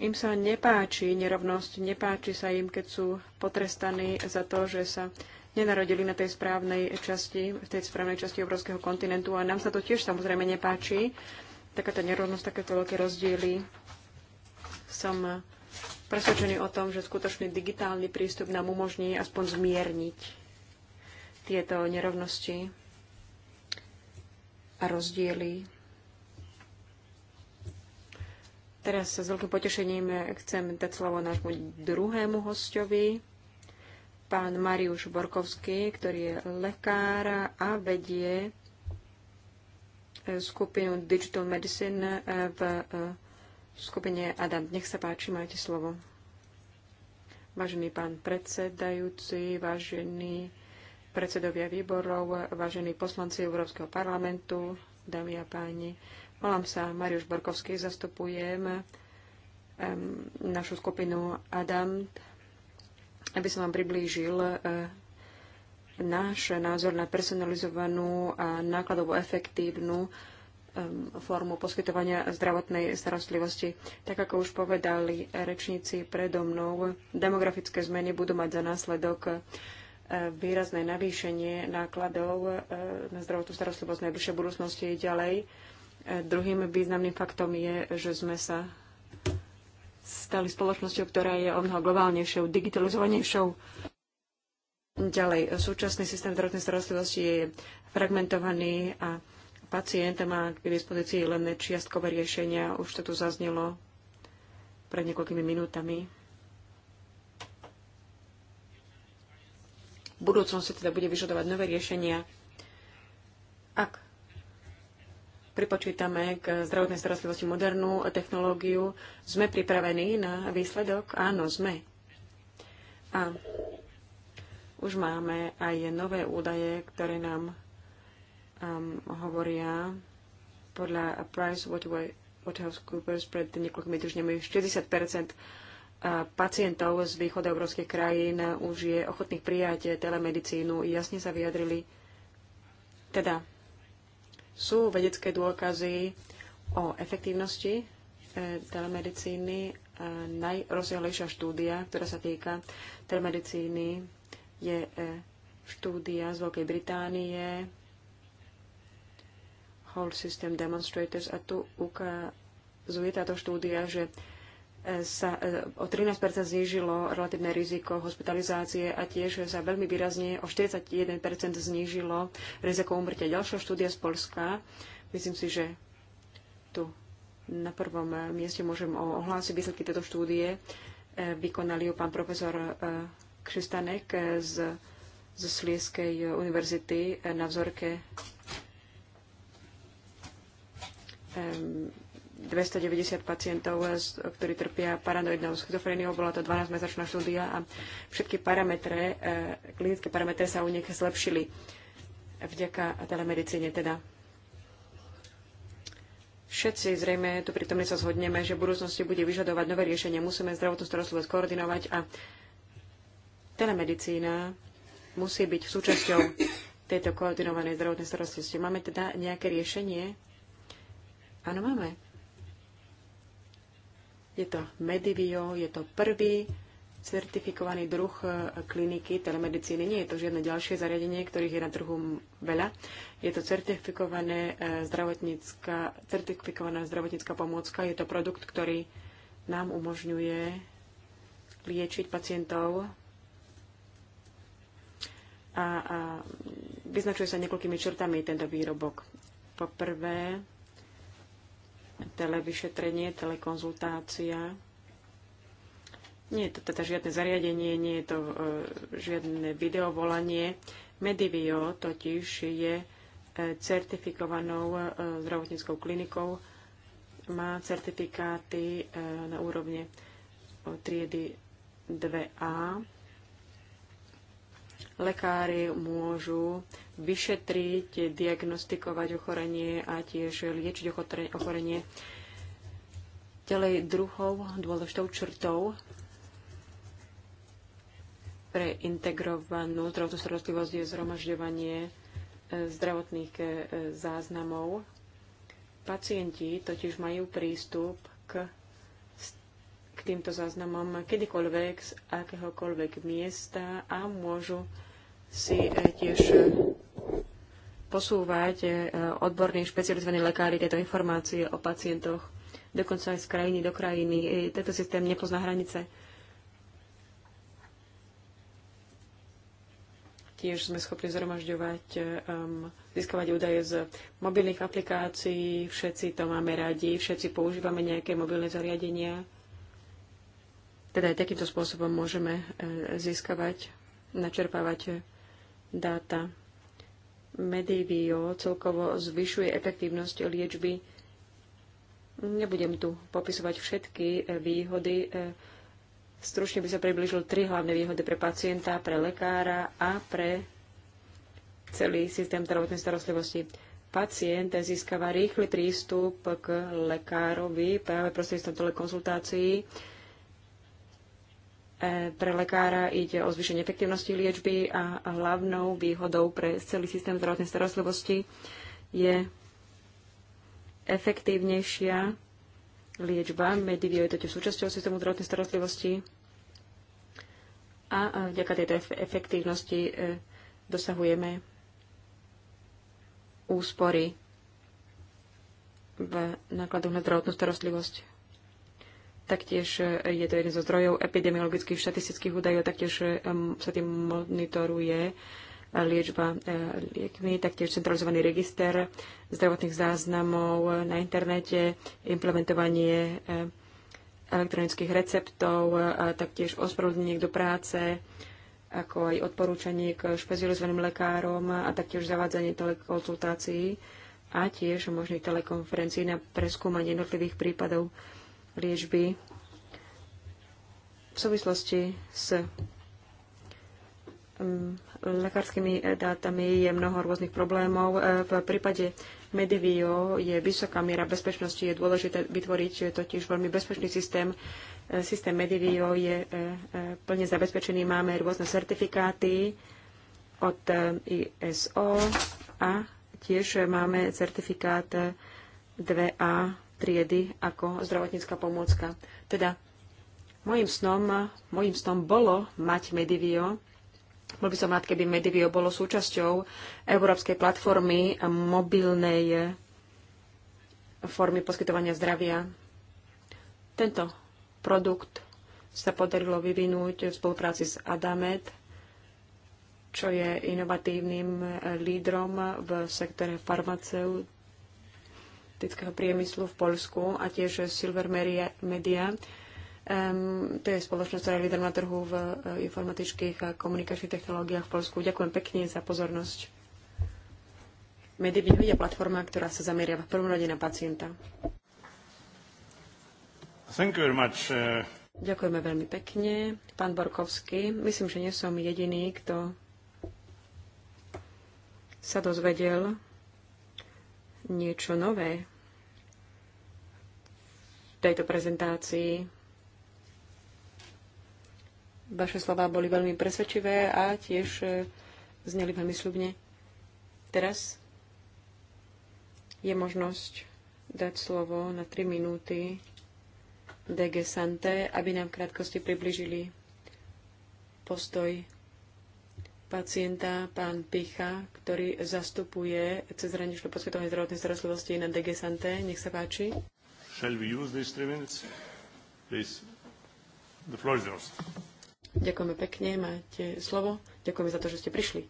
Im sa nepáči nerovnosť, nepáči sa im, keď sú potrestaní za to, že sa nenarodili na tej správnej časti, v tej správnej časti obrovského kontinentu a nám sa to tiež samozrejme nepáči. tá nerovnosť, takéto veľké rozdiely. Som presvedčený o tom, že skutočný digitálny prístup nám umožní aspoň zmierniť tieto nerovnosti a rozdiely. Teraz sa s veľkým potešením chcem dať slovo nášmu druhému hostovi, pán Mariuš Borkovský, ktorý je lekár a vedie e, skupinu Digital Medicine e, v e, skupine Adam. Nech sa páči, majte slovo. Vážený pán predsedajúci, vážení predsedovia výborov, vážení poslanci Európskeho parlamentu, dámy a páni, volám sa Mariuš Borkovský, zastupujem našu skupinu Adam aby som vám priblížil e, náš názor na personalizovanú a nákladovo efektívnu e, formu poskytovania zdravotnej starostlivosti. Tak ako už povedali rečníci predo mnou, demografické zmeny budú mať za následok e, výrazné navýšenie nákladov na zdravotnú starostlivosť v najbližšej budúcnosti ďalej. Druhým významným faktom je, že sme sa stali spoločnosťou, ktorá je o mnoho globálnejšou, digitalizovanejšou. Ďalej, súčasný systém zdravotnej starostlivosti je fragmentovaný a pacient má k dispozícii len čiastkové riešenia. Už to tu zaznelo pred niekoľkými minútami. V budúcnosti teda bude vyžadovať nové riešenia. Ak pripočítame k zdravotnej starostlivosti modernú technológiu, sme pripravení na výsledok? Áno, sme. A už máme aj nové údaje, ktoré nám um, hovoria podľa Price Waterhouse Coopers pred niekoľkými týždňami 40 pacientov z východoeurópskych krajín už je ochotných prijať telemedicínu. Jasne sa vyjadrili, teda sú vedecké dôkazy o efektívnosti eh, telemedicíny. Najrozsiahlejšia štúdia, ktorá sa týka telemedicíny, je eh, štúdia z Veľkej Británie, Whole System Demonstrators, a tu ukazuje táto štúdia, že sa e, o 13 znížilo relatívne riziko hospitalizácie a tiež sa veľmi výrazne o 41 znížilo riziko úmrtia. Ďalšia štúdia z Polska, myslím si, že tu na prvom e, mieste môžem ohlásiť výsledky tejto štúdie. E, vykonali ju pán profesor Kristanek z, z Slieskej univerzity na vzorke 290 pacientov, ktorí trpia paranoidnou schizofréniou. Bola to 12-mesačná štúdia a všetky parametre, e, klinické parametre sa u nich zlepšili vďaka telemedicíne teda. Všetci zrejme tu pritomne sa zhodneme, že v budúcnosti bude vyžadovať nové riešenie. Musíme zdravotnú starostlivosť koordinovať a telemedicína musí byť súčasťou tejto koordinovanej zdravotnej starostlivosti. Máme teda nejaké riešenie? Áno, máme. Je to Medivio, je to prvý certifikovaný druh e, kliniky telemedicíny. Nie je to žiadne ďalšie zariadenie, ktorých je na trhu veľa. Je to certifikované e, zdravotnícka, certifikovaná zdravotnícka pomôcka. Je to produkt, ktorý nám umožňuje liečiť pacientov a, a vyznačuje sa niekoľkými črtami tento výrobok. Po prvé, televyšetrenie, telekonzultácia. Nie je to teda žiadne zariadenie, nie je to e, žiadne videovolanie. Medivio totiž je e, certifikovanou e, zdravotníckou klinikou, má certifikáty e, na úrovne triedy 2A lekári môžu vyšetriť, diagnostikovať ochorenie a tiež liečiť ochorenie. Ďalej druhou dôležitou črtou pre integrovanú zdravotnú starostlivosť je zhromažďovanie e, zdravotných e, záznamov. Pacienti totiž majú prístup k k týmto záznamom kedykoľvek z akéhokoľvek miesta a môžu si eh, tiež eh, posúvať eh, odborní špecializovaní lekári tieto informácie o pacientoch, dokonca aj z krajiny do krajiny. Tento systém nepozná hranice. Tiež sme schopní zhromažďovať, um, získavať údaje z mobilných aplikácií. Všetci to máme radi, všetci používame nejaké mobilné zariadenia. Teda aj takýmto spôsobom môžeme získavať, načerpávať dáta. Medivio celkovo zvyšuje efektívnosť liečby. Nebudem tu popisovať všetky eh, výhody. Eh, stručne by sa približil tri hlavné výhody pre pacienta, pre lekára a pre celý systém zdravotnej starostlivosti. Pacient získava rýchly prístup k lekárovi práve prostredníctvom telekonzultácií konzultácií E, pre lekára ide o zvýšenie efektivnosti liečby a hlavnou výhodou pre celý systém zdravotnej starostlivosti je efektívnejšia liečba. Medivio je totiž súčasťou systému zdravotnej starostlivosti a vďaka tejto efektívnosti e, dosahujeme úspory v nákladoch na zdravotnú starostlivosť. Taktiež e, je to jeden zo zdrojov epidemiologických štatistických údajov, taktiež e, sa tým monitoruje e, liečba liekmi, taktiež centralizovaný register zdravotných záznamov na internete, implementovanie elektronických receptov, a taktiež ospravedlnenie do práce, ako aj odporúčanie k špecializovaným lekárom a taktiež zavádzanie telekonzultácií a tiež možných telekonferencií na preskúmanie jednotlivých prípadov liečby v súvislosti s mm, lekárskymi eh, dátami je mnoho rôznych problémov. Eh, v prípade Medivio je vysoká miera bezpečnosti, je dôležité vytvoriť eh, totiž veľmi bezpečný systém. Systém Medivio je plne zabezpečený, máme rôzne certifikáty od ISO a tiež máme certifikát 2A triedy ako zdravotnícka pomôcka. Teda môjim snom, môjim snom bolo mať Medivio. Bol by som rád, keby Medivio bolo súčasťou európskej platformy mobilnej formy poskytovania zdravia. Tento produkt sa podarilo vyvinúť v spolupráci s Adamet, čo je inovatívnym lídrom v sektore farmaceutik farmaceutického priemyslu v Poľsku a tiež Silver Media. Um, to je spoločnosť, ktorá je líder na trhu v eh, informatických a komunikačných technológiách v Polsku. Ďakujem pekne za pozornosť. Mediview je platforma, ktorá sa zameria v prvom rade na pacienta. Thank you very much. Eh. Ďakujeme veľmi pekne. Pán Borkovský, myslím, že nie som jediný, kto sa dozvedel niečo nové v tejto prezentácii. Vaše slova boli veľmi presvedčivé a tiež e, zneli veľmi slubne. Teraz je možnosť dať slovo na 3 minúty DG Sante, aby nám v krátkosti približili postoj pacienta, pán Picha, ktorý zastupuje cez hraničnú poskytovanie zdravotnej starostlivosti na DG Santé. Nech sa páči. Shall we use these three minutes? Please. The floor is yours. Ďakujeme pekne, máte slovo. Ďakujeme za to, že ste prišli.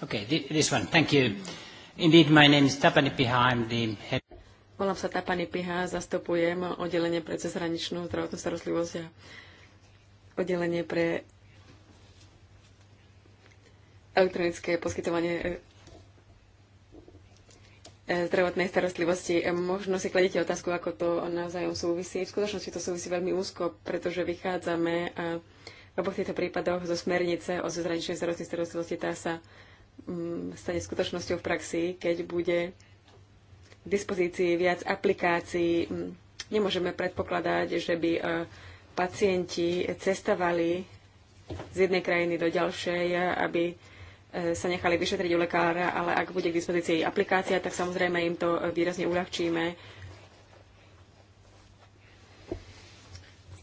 Okay, this one. Thank you. Indeed, my name is Tapani Piha. I'm the head Volám sa Tapani Piha, zastupujem oddelenie pre cezhraničnú zdravotnú starostlivosť a oddelenie pre elektronické poskytovanie e, e, zdravotnej starostlivosti. E, možno si kladete otázku, ako to navzájom súvisí. V skutočnosti to súvisí veľmi úzko, pretože vychádzame v oboch týchto prípadoch zo smernice o zezraničnej zdravotnej starostlivosti. Tá sa mm, stane skutočnosťou v praxi, keď bude k dispozícii viac aplikácií. Mm, nemôžeme predpokladať, že by pacienti cestovali z jednej krajiny do ďalšej, aby e, sa nechali vyšetriť u lekára, ale ak bude k dispozícii aplikácia, tak samozrejme im to e, výrazne uľahčíme.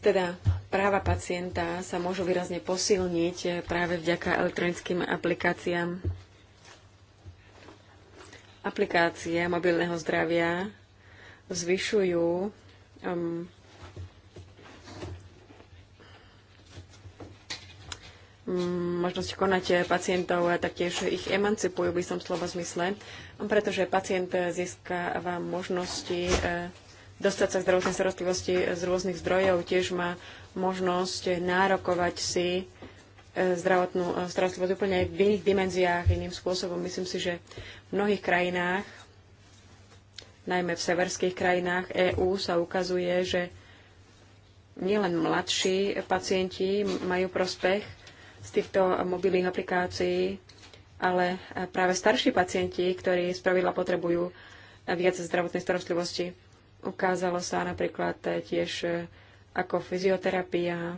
Teda práva pacienta sa môžu výrazne posilniť e, práve vďaka elektronickým aplikáciám. Aplikácie mobilného zdravia zvyšujú um, Mm, možnosť konať pacientov a taktiež ich emancipujú by som slovo zmysle, pretože pacient získava možnosti eh, dostať sa zdravotnej starostlivosti z rôznych zdrojov, tiež má možnosť nárokovať si eh, zdravotnú eh, starostlivosť úplne v iných dimenziách, iným spôsobom. Myslím si, že v mnohých krajinách, najmä v severských krajinách EÚ, sa ukazuje, že nielen mladší pacienti majú prospech z týchto mobilných aplikácií, ale práve starší pacienti, ktorí pravidla potrebujú viac zdravotnej starostlivosti. Ukázalo sa napríklad tiež ako fyzioterapia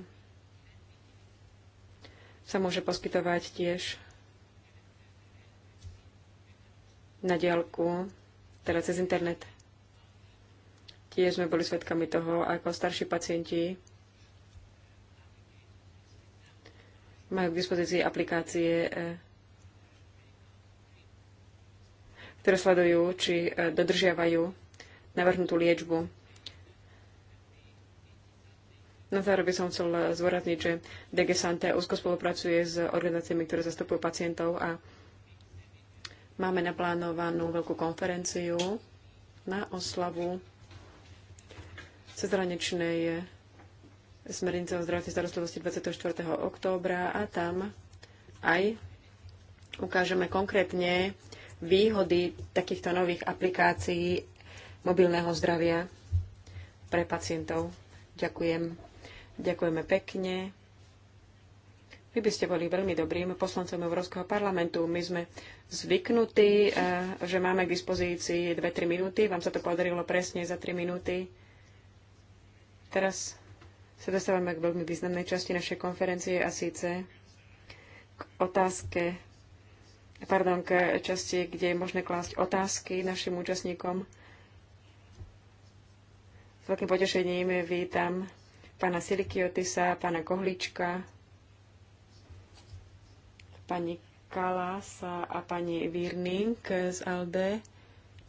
sa môže poskytovať tiež na diálku, teda cez internet. Tiež sme boli svedkami toho, ako starší pacienti majú k dispozícii aplikácie, e, ktoré sledujú, či e, dodržiavajú navrhnutú liečbu. Na záver by som chcel zvorazniť, že DG Santé úzko spolupracuje s organizáciami, ktoré zastupujú pacientov a máme naplánovanú veľkú konferenciu na oslavu cezhraničnej smernice o zdravotnej starostlivosti 24. októbra a tam aj ukážeme konkrétne výhody takýchto nových aplikácií mobilného zdravia pre pacientov. Ďakujem. Ďakujeme pekne. Vy by ste boli veľmi dobrým poslancom Európskeho parlamentu. My sme zvyknutí, eh, že máme k dispozícii 2-3 minúty. Vám sa to podarilo presne za 3 minúty. Teraz sa dostávame k veľmi významnej časti našej konferencie a síce k otázke, pardon, k časti, kde je možné klásť otázky našim účastníkom. S veľkým potešením vítam pána Silikiotisa, pána Kohlička, pani Kalasa a pani Virning z Alde.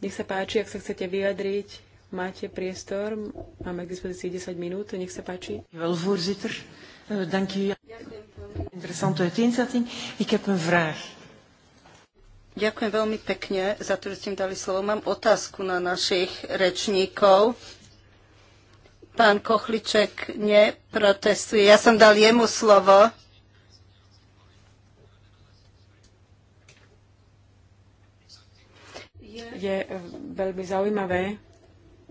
Nech sa páči, ak sa chcete vyjadriť. Máte priestor, máme k dispozícii 10 minút, nech sa páči. Eh, Ďakujem veľmi pekne za to, že ste mi dali slovo. Mám otázku na našich rečníkov. Pán Kochliček neprotestuje. Ja som dal jemu slovo. Je veľmi zaujímavé,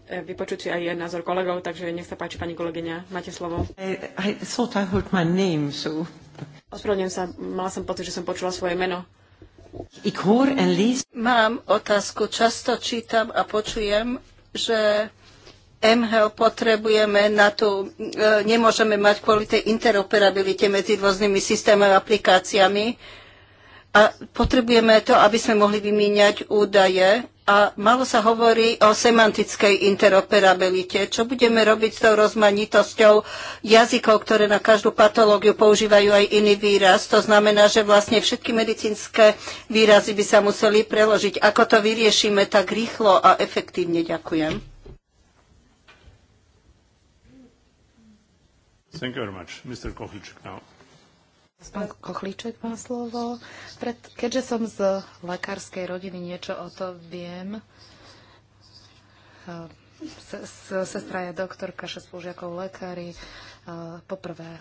vypočuť si aj názor kolegov, takže nech sa páči, pani kolegyňa, máte slovo. I, I thought I heard my name, so... Ospravedlňujem sa, mala som pocit, že som počula svoje meno. Mám otázku. Často čítam a počujem, že MHL potrebujeme na tú, e, nemôžeme mať kvôli tej interoperabilite medzi rôznymi systémami a aplikáciami. A potrebujeme to, aby sme mohli vymieňať údaje a malo sa hovorí o semantickej interoperabilite. Čo budeme robiť s tou rozmanitosťou jazykov, ktoré na každú patológiu používajú aj iný výraz? To znamená, že vlastne všetky medicínske výrazy by sa museli preložiť. Ako to vyriešime tak rýchlo a efektívne? Ďakujem. Thank you very much. Mr. Kohliček now. Pán Kochliček má slovo. Pred, keďže som z lekárskej rodiny, niečo o to viem. Sestra je doktorka, šesť spolužiakov lekári. E, poprvé,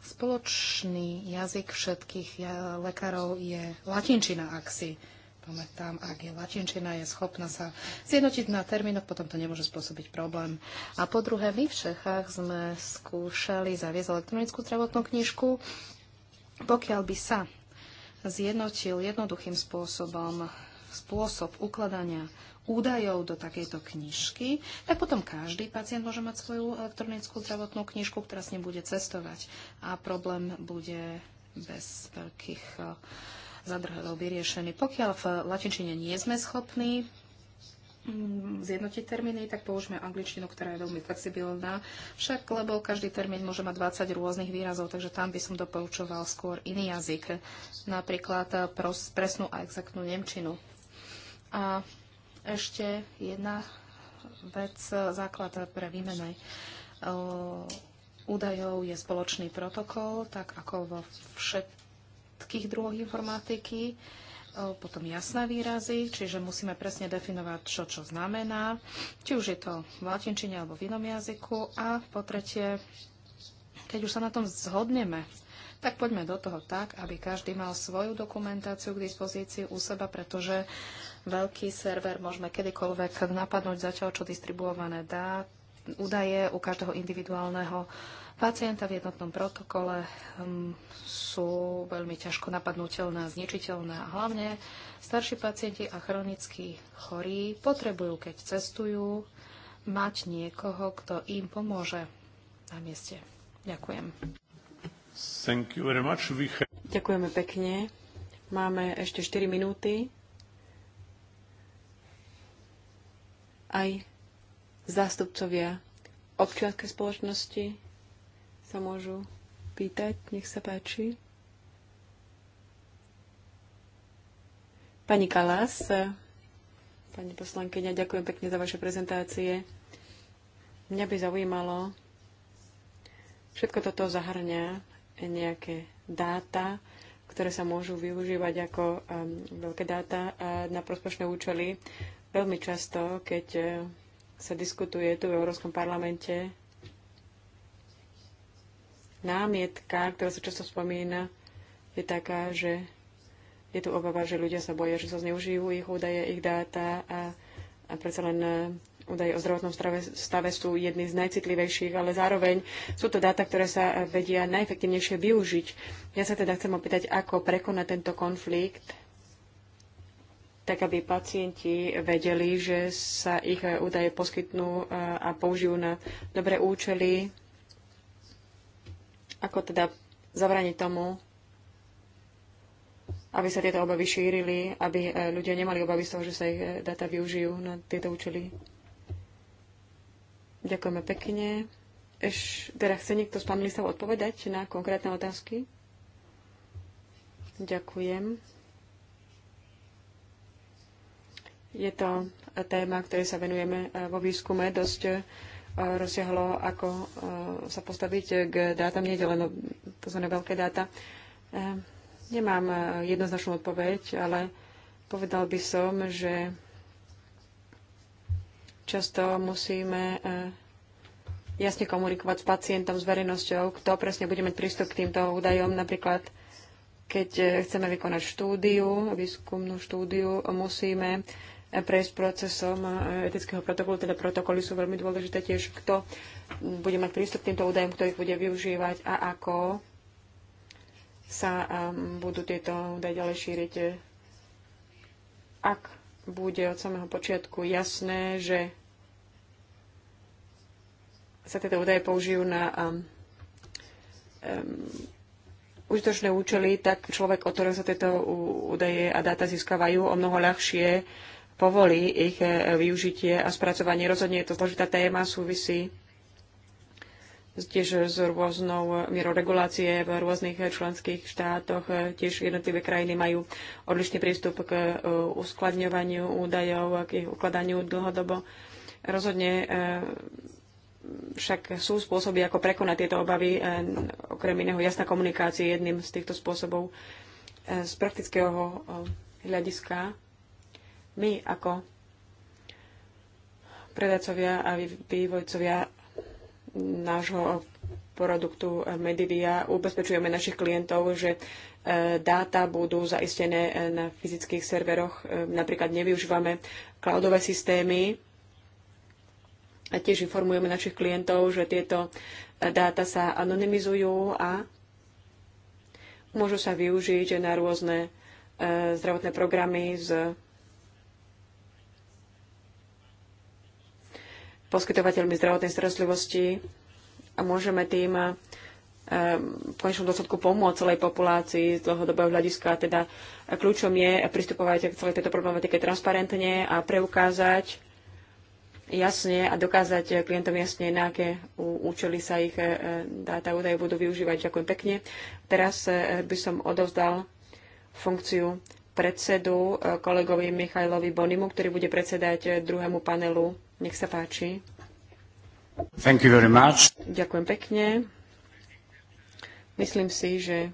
spoločný jazyk všetkých lekárov je latinčina, ak si pamätám, ak je latinčina, je schopná sa zjednotiť na termínoch, potom to nemôže spôsobiť problém. A po druhé, my v Čechách sme skúšali zaviesť elektronickú zdravotnú knižku pokiaľ by sa zjednotil jednoduchým spôsobom spôsob ukladania údajov do takejto knižky, tak potom každý pacient môže mať svoju elektronickú zdravotnú knižku, ktorá s ním bude cestovať a problém bude bez veľkých eh, zadrhelov vyriešený. Pokiaľ v latinčine nie sme schopní Mm, zjednotiť termíny, tak použijeme angličtinu, ktorá je veľmi flexibilná. Však, lebo každý termín môže mať 20 rôznych výrazov, takže tam by som doporučoval skôr iný jazyk, napríklad eh, pros, presnú a exaktnú nemčinu. A ešte jedna vec, eh, základ pre výmene eh, údajov je spoločný protokol, tak ako vo všetkých druhoch informatiky potom jasné výrazy, čiže musíme presne definovať, čo čo znamená, či už je to v latinčine alebo v inom jazyku. A po tretie, keď už sa na tom zhodneme, tak poďme do toho tak, aby každý mal svoju dokumentáciu k dispozícii u seba, pretože veľký server môžeme kedykoľvek napadnúť zatiaľ, čo distribuované dá, údaje u každého individuálneho uh, pacienta v jednotnom protokole hm, sú veľmi ťažko napadnutelné a zničiteľné a hlavne starší pacienti a chronicky chorí potrebujú, keď cestujú, mať niekoho, kto im pomôže na mieste. Ďakujem. Thank you very much. We have... Ďakujeme pekne. Máme ešte 4 minúty. Aj zástupcovia občianskej spoločnosti sa môžu pýtať. Nech sa páči. Pani Kalas, pani poslankyňa, ďakujem pekne za vaše prezentácie. Mňa by zaujímalo, všetko toto zahrňa nejaké dáta, ktoré sa môžu využívať ako um, veľké dáta na prospešné účely. Veľmi často, keď eh, sa diskutuje tu v Európskom parlamente námietka, ktorá sa často spomína, je taká, že je tu obava, že ľudia sa boja, že sa zneužijú ich údaje, ich dáta a, a predsa len e, údaje o zdravotnom stave, stave sú jedny z najcitlivejších, ale zároveň sú to dáta, ktoré sa e, vedia najefektívnejšie využiť. Ja sa teda chcem opýtať, ako prekonať tento konflikt, tak aby pacienti vedeli, že sa ich e, údaje poskytnú a použijú na dobré účely, ako teda zabraniť tomu, aby sa tieto obavy šírili, aby e, ľudia nemali obavy z toho, že sa ich e, data využijú na tieto účely. Ďakujeme pekne. Eš, teda chce niekto z panelistov odpovedať na konkrétne otázky? Ďakujem. Je to téma, ktorej sa venujeme e, vo výskume dosť rozsiahlo, ako eh, sa postaviť k dátam. Nie je len tzv. veľké dáta. Eh, nemám eh, jednoznačnú odpoveď, ale povedal by som, že často musíme jasne komunikovať s pacientom, s verejnosťou, kto presne bude mať prístup k týmto údajom. Napríklad, keď chceme vykonať štúdiu, výskumnú štúdiu, musíme prejsť procesom e, etického protokolu, teda protokoly sú veľmi dôležité tiež, kto bude mať prístup k týmto údajom, kto ich bude využívať a ako sa um, budú tieto údaje ďalej šíriť. Ak bude od samého počiatku jasné, že sa tieto údaje použijú na um, um, užitočné účely, tak človek, od ktorého sa tieto údaje a dáta získavajú, o mnoho ľahšie povolí ich eh, využitie a spracovanie. Rozhodne je to zložitá téma, súvisí tiež s rôznou mierou regulácie v rôznych členských štátoch. Tiež jednotlivé krajiny majú odlišný prístup k eh, uskladňovaniu údajov, k ich ukladaniu dlhodobo. Rozhodne eh, však sú spôsoby, ako prekonať tieto obavy. Okrem iného jasná komunikácia jedným z týchto spôsobov. Z praktického hľadiska my ako predajcovia a vývojcovia nášho produktu Medivia ubezpečujeme našich klientov, že e, dáta budú zaistené e, na fyzických serveroch. E, napríklad nevyužívame cloudové systémy a tiež informujeme našich klientov, že tieto dáta sa anonymizujú a môžu sa využiť na rôzne zdravotné programy s poskytovateľmi zdravotnej starostlivosti a môžeme tým eh, v konečnom dôsledku pomôcť celej populácii z dlhodobého hľadiska. Teda kľúčom je pristupovať k celej tejto problematike transparentne a preukázať jasne a dokázať klientom jasne, na aké účely sa ich eh, dáta údaje budú využívať. Ďakujem pekne. Teraz eh, by som odovzdal funkciu predsedu, e, kolegovi Michajlovi Bonimu, ktorý bude predsedať e, druhému panelu. Nech sa páči. Thank you very much. Ďakujem pekne. Myslím si, že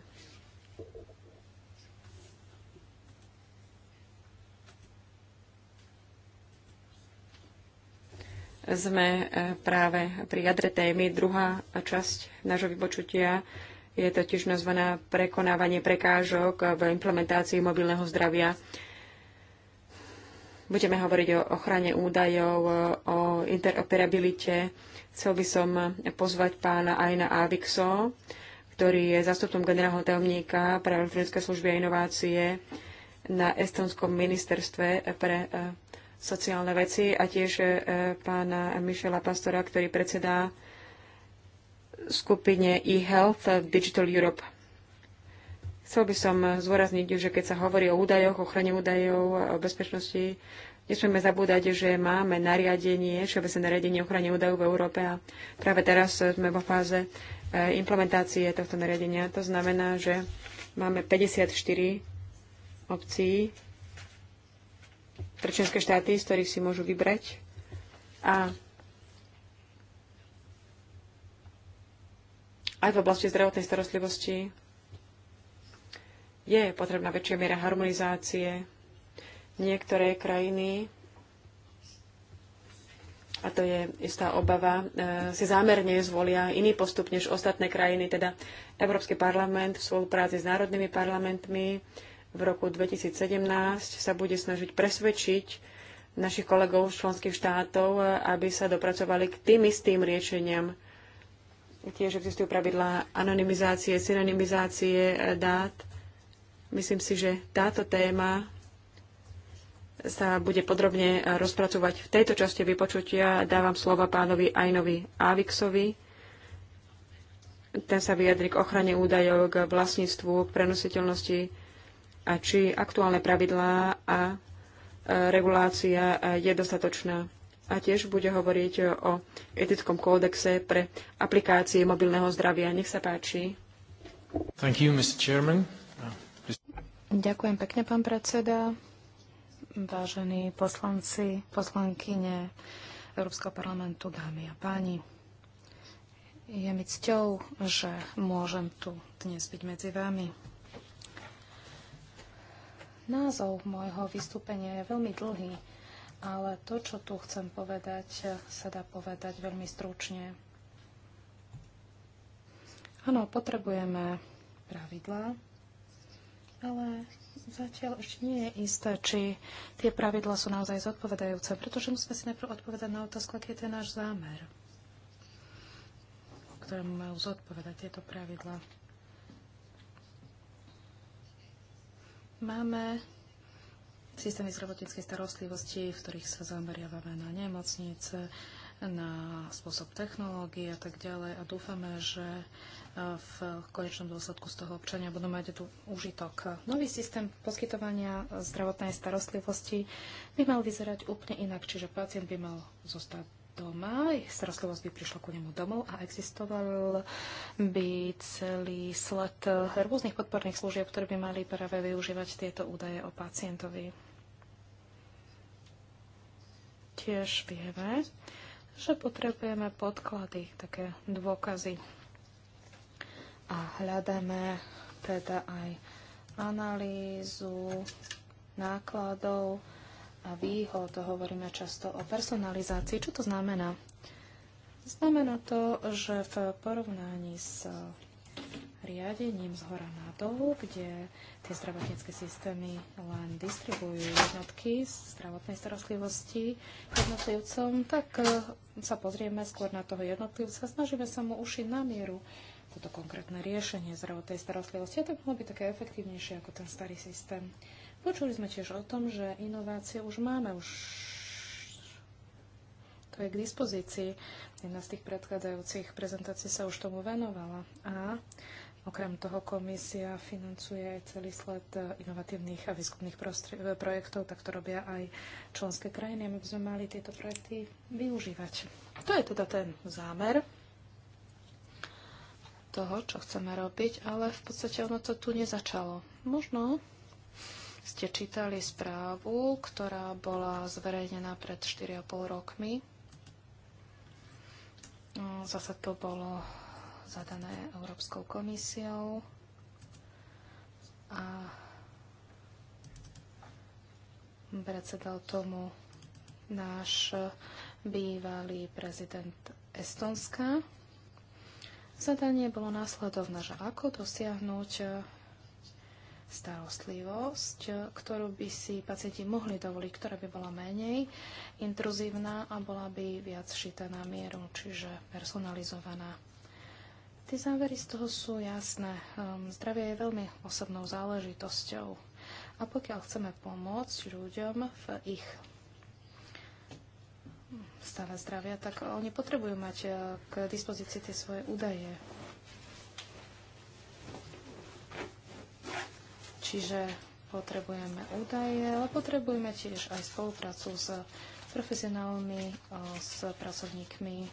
sme e, práve pri jadre témy. Druhá časť nášho vypočutia je totiž nazvaná prekonávanie prekážok v implementácii mobilného zdravia. Budeme hovoriť o ochrane údajov, o interoperabilite. Chcel by som pozvať pána Aina Avixo, ktorý je zastupcom generálneho tajomníka pre elektronické služby a inovácie na Estonskom ministerstve pre e, sociálne veci a tiež e, pána Mišela Pastora, ktorý predsedá skupine e-health Digital Europe. Chcel by som zvorazniť, že keď sa hovorí o údajoch, ochrane údajov, o bezpečnosti, nesmieme zabúdať, že máme nariadenie, všeobecné nariadenie ochrane údajov v Európe a práve teraz sme vo fáze eh, implementácie tohto nariadenia. To znamená, že máme 54 obcí, pre členské štáty, z ktorých si môžu vybrať. A aj v oblasti zdravotnej starostlivosti je potrebná väčšia miera harmonizácie. Niektoré krajiny, a to je istá obava, e, si zámerne zvolia iný postup než ostatné krajiny, teda Európsky parlament v spolupráci s národnými parlamentmi v roku 2017 sa bude snažiť presvedčiť našich kolegov z členských štátov, e, aby sa dopracovali k tým istým riešeniam, Tiež existujú pravidlá anonymizácie, synonymizácie e, dát. Myslím si, že táto téma sa bude podrobne e, rozpracovať v tejto časti vypočutia. Dávam slova pánovi Ajnovi Aviksovi. Ten sa vyjadri k ochrane údajov, k vlastníctvu, k prenositeľnosti a či aktuálne pravidlá a e, regulácia je dostatočná a tiež bude hovoriť o etickom kódexe pre aplikácie mobilného zdravia. Nech sa páči. Thank you, Mr. Chairman. Ďakujem pekne, pán predseda. Vážení poslanci, poslankyne Európskeho parlamentu, dámy a páni. Je mi cťou, že môžem tu dnes byť medzi vami. Názov môjho vystúpenia je veľmi dlhý ale to, čo tu chcem povedať, sa dá povedať veľmi stručne. Áno, potrebujeme pravidlá, ale zatiaľ ešte nie je isté, či tie pravidlá sú naozaj zodpovedajúce, pretože musíme si najprv odpovedať na otázku, aký je ten náš zámer, ktorému majú zodpovedať tieto pravidlá. Máme systémy zdravotníckej starostlivosti, v ktorých sa zameriavame na nemocnice, na spôsob technológie a tak ďalej a dúfame, že e, v konečnom dôsledku z toho občania budú mať tu užitok. Nový systém poskytovania zdravotnej starostlivosti by mal vyzerať úplne inak, čiže pacient by mal zostať doma, starostlivosť by prišla ku nemu domov a existoval by celý sled rôznych podporných služieb, ktoré by mali práve využívať tieto údaje o pacientovi tiež vieme, že potrebujeme podklady, také dôkazy. A hľadáme teda aj analýzu nákladov a výhod. Hovoríme často o personalizácii. Čo to znamená? Znamená to, že v porovnaní s riadením z hora na dolu, kde tie zdravotnícke systémy len distribujú jednotky zdravotnej starostlivosti jednotlivcom, tak e, sa pozrieme skôr na toho jednotlivca, snažíme sa mu ušiť na mieru toto konkrétne riešenie zdravotnej starostlivosti a to bolo by také efektívnejšie ako ten starý systém. Počuli sme tiež o tom, že inovácie už máme, už to je k dispozícii. Jedna z tých predchádzajúcich prezentácií sa už tomu venovala. A Okrem toho komisia financuje aj celý sled eh, inovatívnych a výskumných eh, projektov, tak to robia aj členské krajiny a my by sme mali tieto projekty využívať. To je teda ten zámer toho, čo chceme robiť, ale v podstate ono to tu nezačalo. Možno ste čítali správu, ktorá bola zverejnená pred 4,5 rokmi. No, zase to bolo zadané Európskou komisiou. A predsedal tomu náš bývalý prezident Estonska. Zadanie bolo následovné, že ako dosiahnuť starostlivosť, ktorú by si pacienti mohli dovoliť, ktorá by bola menej intruzívna a bola by viac šitá na mieru, čiže personalizovaná. Tie závery z toho sú jasné. Um, zdravie je veľmi osobnou záležitosťou. A pokiaľ chceme pomôcť ľuďom v ich stave zdravia, tak oni potrebujú mať uh, k dispozícii tie svoje údaje. Čiže potrebujeme údaje, ale potrebujeme tiež aj spoluprácu s profesionálmi, uh, s pracovníkmi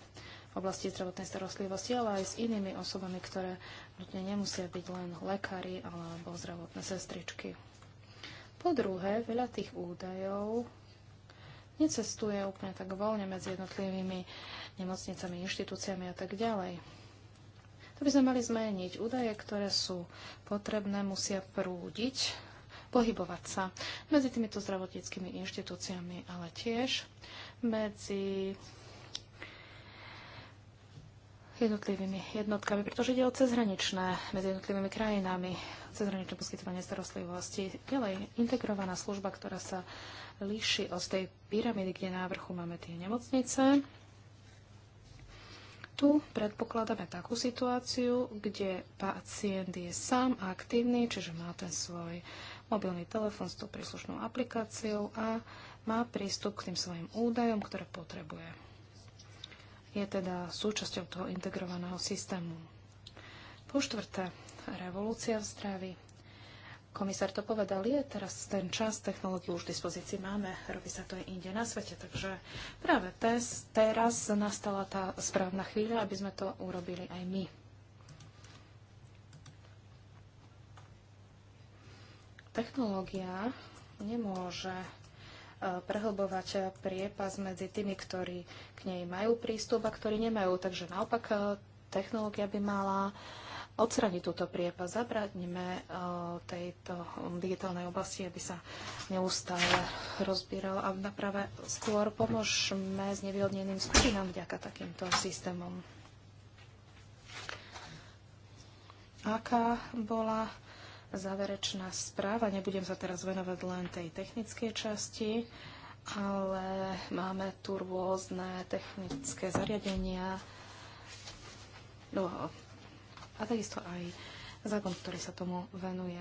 oblasti zdravotnej starostlivosti, ale aj s inými osobami, ktoré nutne nemusia byť len lekári alebo zdravotné sestričky. Po druhé, veľa tých údajov necestuje úplne tak voľne medzi jednotlivými nemocnicami, inštitúciami a tak ďalej. To by sme mali zmeniť. Údaje, ktoré sú potrebné, musia prúdiť, pohybovať sa medzi týmito zdravotníckými inštitúciami, ale tiež medzi jednotlivými jednotkami, pretože ide o cezhraničné medzi jednotlivými krajinami, cezhraničné poskytovanie starostlivosti. Ďalej, integrovaná služba, ktorá sa líši od tej pyramidy, kde na vrchu máme tie nemocnice. Tu predpokladáme takú situáciu, kde pacient je sám aktívny, čiže má ten svoj mobilný telefón s tou príslušnou aplikáciou a má prístup k tým svojim údajom, ktoré potrebuje je teda súčasťou toho integrovaného systému. Po štvrté, revolúcia v zdraví. Komisár to povedal, je teraz ten čas, technológiu už v dispozícii máme, robí sa to aj inde na svete, takže práve tes, teraz nastala tá správna chvíľa, aby sme to urobili aj my. Technológia nemôže prehlbovať priepas medzi tými, ktorí k nej majú prístup a ktorí nemajú. Takže naopak e, technológia by mala odstraniť túto priepas. Zabraníme e, tejto digitálnej oblasti, aby sa neustále rozbíral a naprave skôr pomôžme s nevyhodneným skupinám vďaka takýmto systémom. Aká bola záverečná správa. Nebudem sa teraz venovať len tej technickej časti, ale máme tu rôzne technické zariadenia no, a takisto aj zákon, ktorý sa tomu venuje.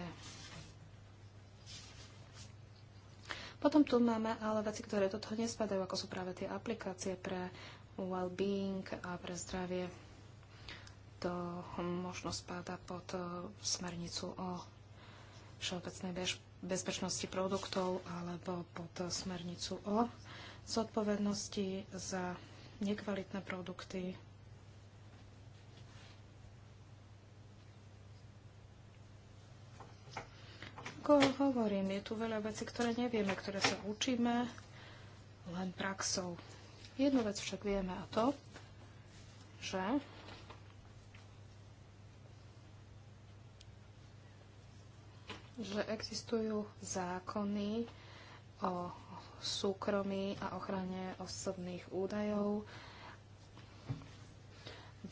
Potom tu máme ale veci, ktoré do toho nespadajú, ako sú práve tie aplikácie pre well-being a pre zdravie. To možno spada pod smernicu o všeobecnej bezpečnosti produktov alebo pod smernicu o zodpovednosti za nekvalitné produkty. Ako hovorím, je tu veľa vecí, ktoré nevieme, ktoré sa učíme len praxou. Jednu vec však vieme a to, že že existujú zákony o súkromí a ochrane osobných údajov.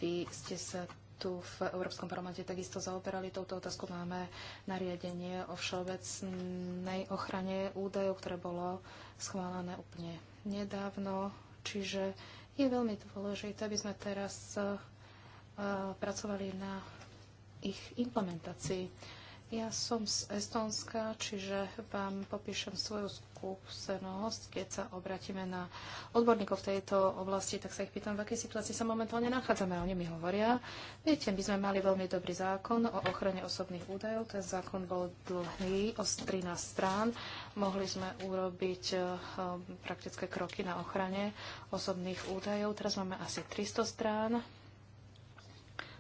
Vy ste sa tu v Európskom parlamente takisto zaoberali touto otázku. Máme nariadenie o všeobecnej ochrane údajov, ktoré bolo schválené úplne nedávno. Čiže je veľmi dôležité, aby sme teraz uh, pracovali na ich implementácii ja som z Estonska, čiže vám popíšem svoju skúsenosť. Keď sa obratíme na odborníkov v tejto oblasti, tak sa ich pýtam, v akej situácii sa momentálne nachádzame. Oni mi hovoria, viete, my sme mali veľmi dobrý zákon o ochrane osobných údajov. Ten zákon bol dlhý, o 13 strán. Mohli sme urobiť eh, praktické kroky na ochrane osobných údajov. Teraz máme asi 300 strán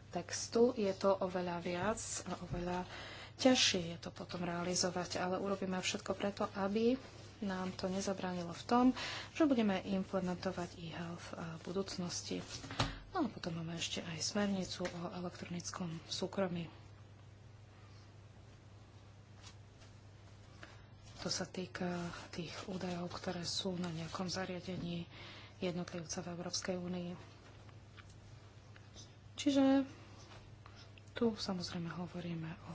textu. Je to oveľa viac oveľa oveľa Ťažšie je to potom realizovať, ale urobíme všetko preto, aby nám to nezabránilo v tom, že budeme implementovať e-health v budúcnosti. No a potom máme ešte aj smernicu o elektronickom súkromí. To sa týka tých údajov, ktoré sú na nejakom zariadení jednotlivca v Európskej únii. Čiže tu samozrejme hovoríme o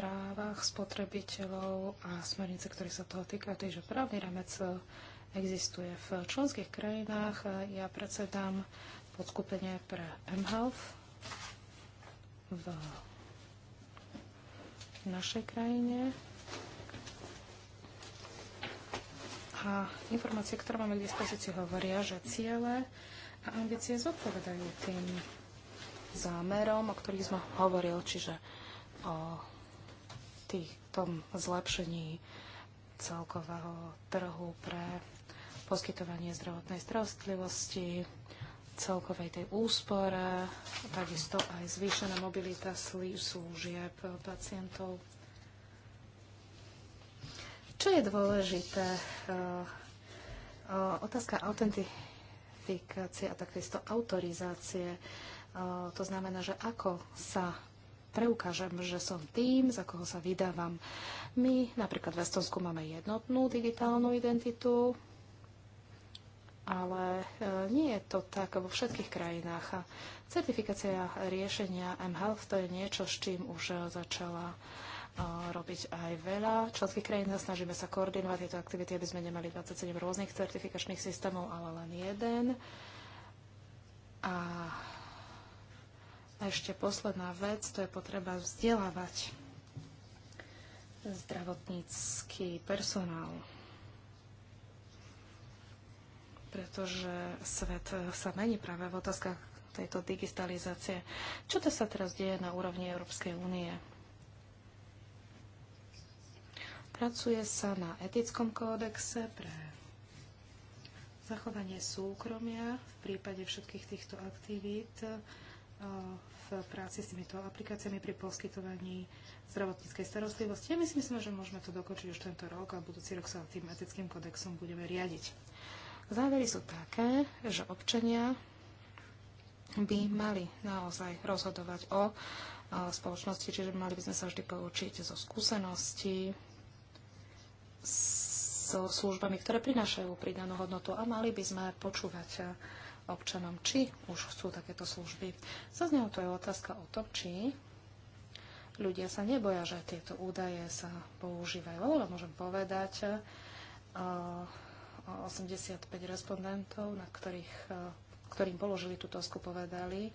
právach spotrebiteľov a smernice, ktoré sa toho týka, takže právny ramec eh, existuje v členských krajinách. Eh, ja predsedám podskupenie pre mHealth v našej krajine. A informácie, ktoré máme k dispozícii, hovoria, že ciele a ambície zodpovedajú tým zámerom, o ktorých sme hovorili čiže o tých, tom zlepšení celkového trhu pre poskytovanie zdravotnej starostlivosti, celkovej tej úspore, takisto aj zvýšená mobilita služieb pacientov. Čo je dôležité? Eh, eh, otázka autentifikácie a takisto autorizácie. Eh, to znamená, že ako sa preukážem, že som tým, za koho sa vydávam. My napríklad v Estonsku máme jednotnú digitálnu identitu, ale e, nie je to tak vo všetkých krajinách. Certifikácia riešenia mHealth to je niečo, s čím už e, začala e, robiť aj veľa členských krajín. Snažíme sa koordinovať tieto aktivity, aby sme nemali 27 rôznych certifikačných systémov, ale len jeden. A a ešte posledná vec, to je potreba vzdelávať zdravotnícky personál. Pretože svet sa mení práve v otázkach tejto digitalizácie. Čo to sa teraz deje na úrovni Európskej únie? Pracuje sa na etickom kódexe pre zachovanie súkromia v prípade všetkých týchto aktivít v práci s týmito aplikáciami pri poskytovaní zdravotníckej starostlivosti. Ja my si myslím, že môžeme to dokončiť už tento rok a budúci rok sa tým etickým kodexom budeme riadiť. Závery sú také, že občania by mali naozaj rozhodovať o spoločnosti, čiže mali by sme sa vždy poučiť zo skúseností, so službami, ktoré prinášajú pridanú hodnotu a mali by sme počúvať občanom, či už chcú takéto služby. Zaznelo to je otázka o to, či ľudia sa neboja, že tieto údaje sa používajú, ale môžem povedať, 85 eh, respondentov, na ktorých, eh, ktorým položili túto osku, povedali,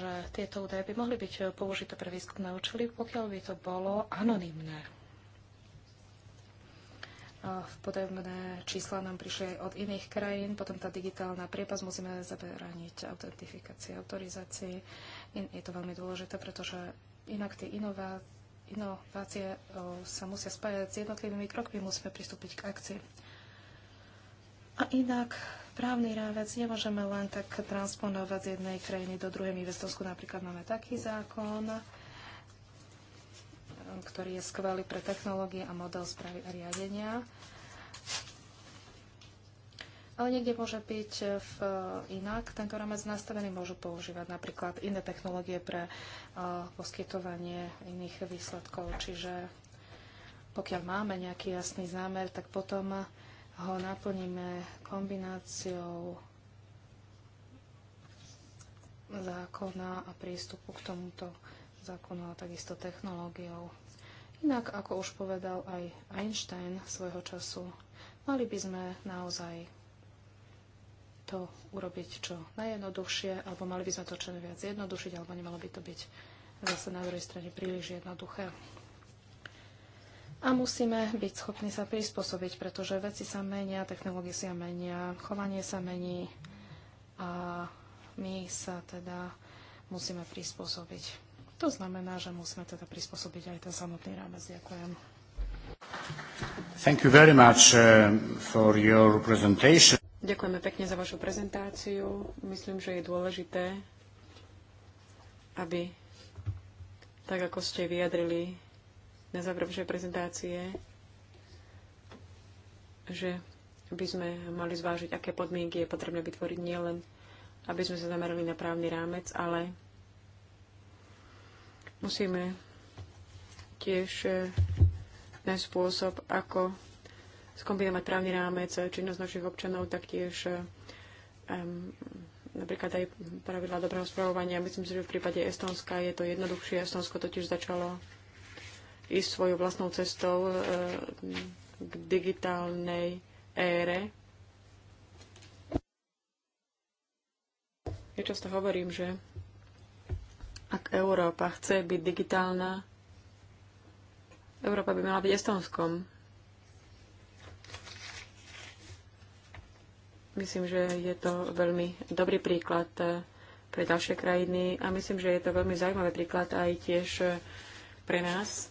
že tieto údaje by mohli byť použité pre výskumné účely, pokiaľ by to bolo anonymné v podobné čísla nám prišli aj od iných krajín. Potom tá digitálna priepas musíme zabrániť autentifikácii, autorizácii. Je to veľmi dôležité, pretože inak tie inová, inovácie sa musia spájať s jednotlivými krokmi, musíme pristúpiť k akcii. A inak právny rávec nemôžeme len tak transponovať z jednej krajiny do druhej. My v Estonsku napríklad máme taký zákon, ktorý je skvelý pre technológie a model správy a riadenia. Ale niekde môže byť eh, v, eh, inak tento rámec nastavený. Môžu používať napríklad iné technológie pre uh, poskytovanie iných výsledkov. Čiže pokiaľ máme nejaký jasný zámer, tak potom ho naplníme kombináciou zákona a prístupu k tomuto zákonu a takisto technológiou. Inak, ako už povedal aj Einstein svojho času, mali by sme naozaj to urobiť čo najjednoduchšie, alebo mali by sme to čo najviac zjednodušiť, alebo nemalo by to byť zase na druhej strane príliš jednoduché. A musíme byť schopní sa prispôsobiť, pretože veci sa menia, technológie sa menia, chovanie sa mení a my sa teda musíme prispôsobiť. To znamená, že musíme teda prispôsobiť aj ten samotný rámec. Ďakujem. Thank you very much uh, for your presentation. Ďakujeme pekne za vašu prezentáciu. Myslím, že je dôležité, aby tak ako ste vyjadrili na záver vašej prezentácie, že by sme mali zvážiť, aké podmienky je potrebné vytvoriť nielen, aby sme sa zamerali na právny rámec, ale Musíme tiež e, nájsť spôsob, ako skombinovať právny rámec e, činnosť našich občanov, taktiež um, napríklad aj pravidla dobrého spravovania. Myslím si, že v prípade Estónska je to jednoduchšie. Estonsko totiž začalo ísť svojou vlastnou cestou k digitálnej ére. Ja často hovorím, že ak Európa chce byť digitálna, Európa by mala byť Estonskom. Myslím, že je to veľmi dobrý príklad eh, pre ďalšie krajiny a myslím, že je to veľmi zaujímavý príklad aj tiež eh, pre nás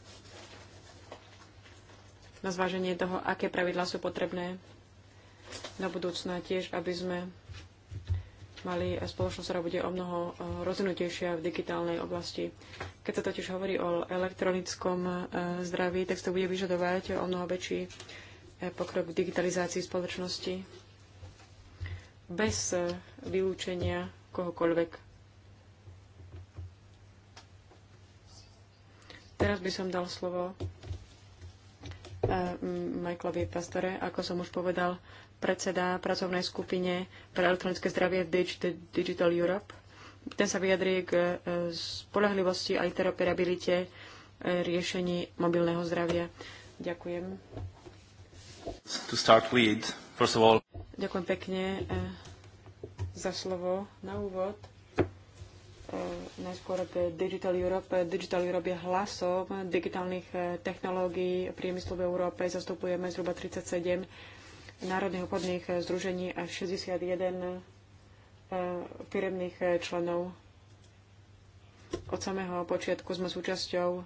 na zváženie toho, aké pravidlá sú potrebné do budúcna tiež, aby sme mali a spoločnosť, ktorá bude o mnoho e, rozvinutejšia v digitálnej oblasti. Keď sa totiž hovorí o elektronickom e, zdraví, tak to bude vyžadovať o mnoho väčší e, pokrok v digitalizácii spoločnosti bez vylúčenia kohokoľvek. Teraz by som dal slovo Michaelovi Pastore, ako som už povedal, predseda pracovnej skupine pre elektronické zdravie Digital Europe. Ten sa vyjadrí k e, spolahlivosti a interoperabilite e, riešení mobilného zdravia. Ďakujem. To start with, first of all. Ďakujem pekne e, za slovo na úvod. Najskôr Digital Europe. Digital Europe je hlasom digitálnych technológií priemyslu v Európe. Zastupujeme zhruba 37 národných obchodných eh, združení a 61 eh, firemných eh, členov. Od samého počiatku sme súčasťou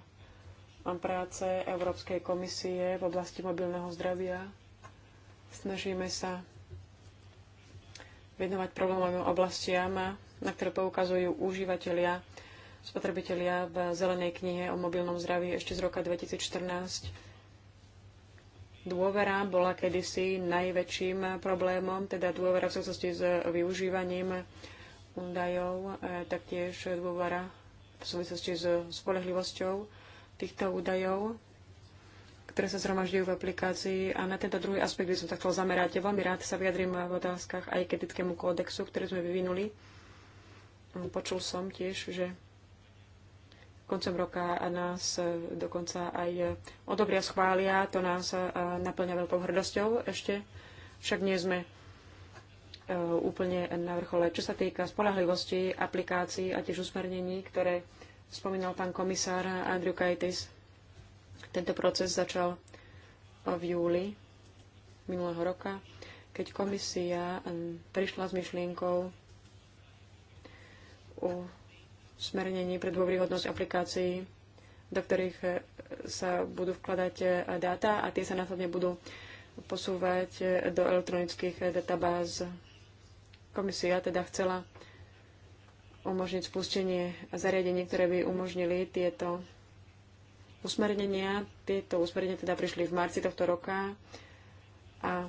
práce Európskej komisie v oblasti mobilného zdravia. Snažíme sa venovať problémovým oblastiam, na ktoré poukazujú užívateľia, spotrebitelia v Zelenej knihe o mobilnom zdraví ešte z roka 2014 Dôvera bola kedysi najväčším problémom, teda dôvera v súvislosti s využívaním údajov, e, taktiež dôvera v súvislosti s spolehlivosťou týchto údajov, ktoré sa zhromažďujú v aplikácii. A na tento druhý aspekt by som sa chcel zamerať. Ja veľmi rád sa vyjadrím v otázkach aj k etickému kódexu, ktorý sme vyvinuli. Počul som tiež, že koncom roka nás e, dokonca aj e, odobria, schvália. To nás e, naplňa veľkou hrdosťou. Ešte však nie sme úplne na vrchole. Čo sa týka spolahlivosti aplikácií a tiež usmernení, ktoré spomínal pán komisár Andrew Kaitis, tento proces začal v júli minulého roka, keď komisia prišla s myšlienkou smernení pre dôvryhodnosť aplikácií, do ktorých eh, sa budú vkladať eh, dáta a tie sa následne budú posúvať eh, do elektronických databáz. Komisia teda chcela umožniť spustenie zariadení, ktoré by umožnili tieto usmernenia. Tieto usmernenia teda prišli v marci tohto roka a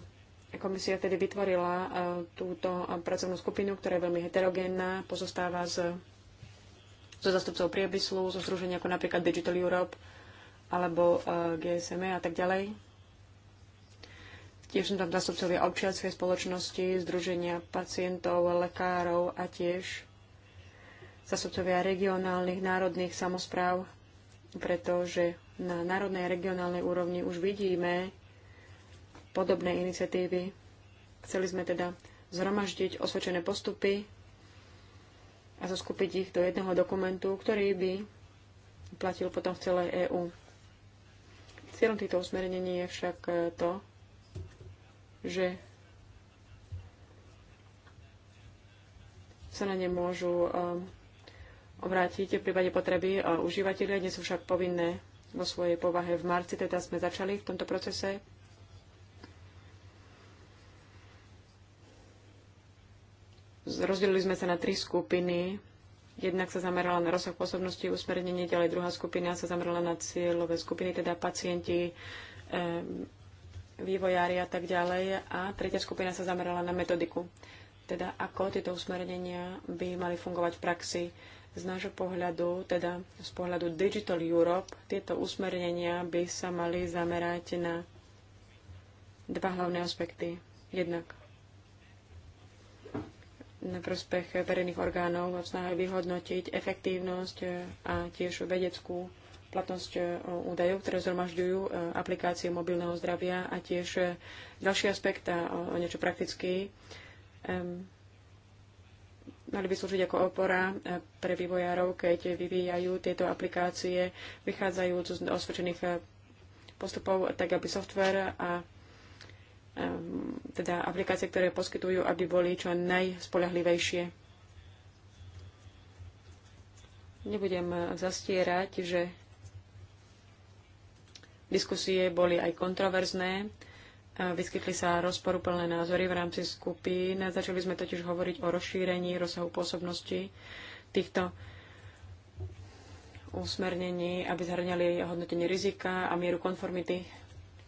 komisia tedy vytvorila túto pracovnú skupinu, ktorá je veľmi heterogénna, pozostáva z so zastupcov priemyslu, zo so združenia ako napríklad Digital Europe alebo e, GSM e a tak ďalej. Tiež sú tam zastupcovia občianskej spoločnosti, združenia pacientov, lekárov a tiež zastupcovia regionálnych, národných samozpráv, pretože na národnej a regionálnej úrovni už vidíme podobné iniciatívy. Chceli sme teda zhromaždiť osvedčené postupy a zoskupiť ich do jedného dokumentu, ktorý by platil potom v celej EÚ. Cieľom týchto usmernení je však e, to, že sa na ne môžu um, obrátiť v prípade potreby e, užívateľia. Dnes sú však povinné vo svojej povahe. V marci teda sme začali v tomto procese Rozdelili sme sa na tri skupiny. Jednak sa zamerala na rozsah pôsobnosti usmernenie, ďalej druhá skupina sa zamerala na cieľové skupiny, teda pacienti, vývojári a tak ďalej. A tretia skupina sa zamerala na metodiku, teda ako tieto usmernenia by mali fungovať v praxi. Z nášho pohľadu, teda z pohľadu Digital Europe, tieto usmernenia by sa mali zamerať na dva hlavné aspekty. Jednak na prospech verejných orgánov v snahe vyhodnotiť efektívnosť e, a tiež vedeckú platnosť e, údajov, ktoré zhromažďujú e, aplikácie mobilného zdravia a tiež ďalší aspekt a o niečo praktický mali by slúžiť ako opora pre vývojárov, keď vyvíjajú tieto aplikácie, vychádzajú z osvedčených postupov, tak aby software a Ehm, teda aplikácie, ktoré poskytujú, aby boli čo najspolahlivejšie. Nebudem zastierať, že diskusie boli aj kontroverzné. Vyskytli sa rozporuplné názory v rámci skupín. Začali sme totiž hovoriť o rozšírení rozsahu pôsobnosti týchto usmernení, aby zhrňali hodnotenie rizika a mieru konformity.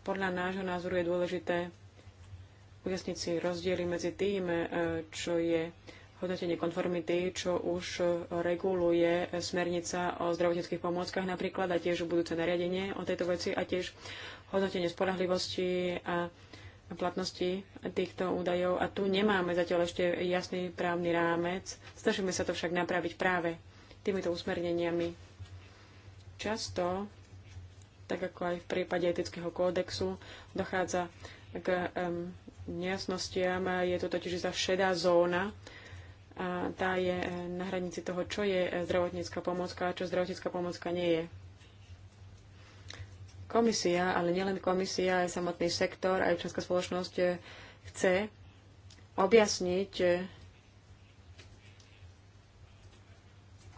Podľa nášho názoru je dôležité ujasniť si rozdiely medzi tým, e, čo je hodnotenie konformity, čo už e, reguluje smernica o zdravotníckých pomôckach napríklad a tiež budúce nariadenie o tejto veci a tiež hodnotenie spolahlivosti a platnosti týchto údajov. A tu nemáme zatiaľ ešte jasný právny rámec. Snažíme sa to však napraviť práve týmito usmerneniami. Často, tak ako aj v prípade etického kódexu, dochádza k um, nejasnostiam. Je to totiž za šedá zóna. A tá je na hranici toho, čo je zdravotnícka pomocka a čo zdravotnícka pomocka nie je. Komisia, ale nielen komisia, aj samotný sektor, aj občianská spoločnosť chce objasniť,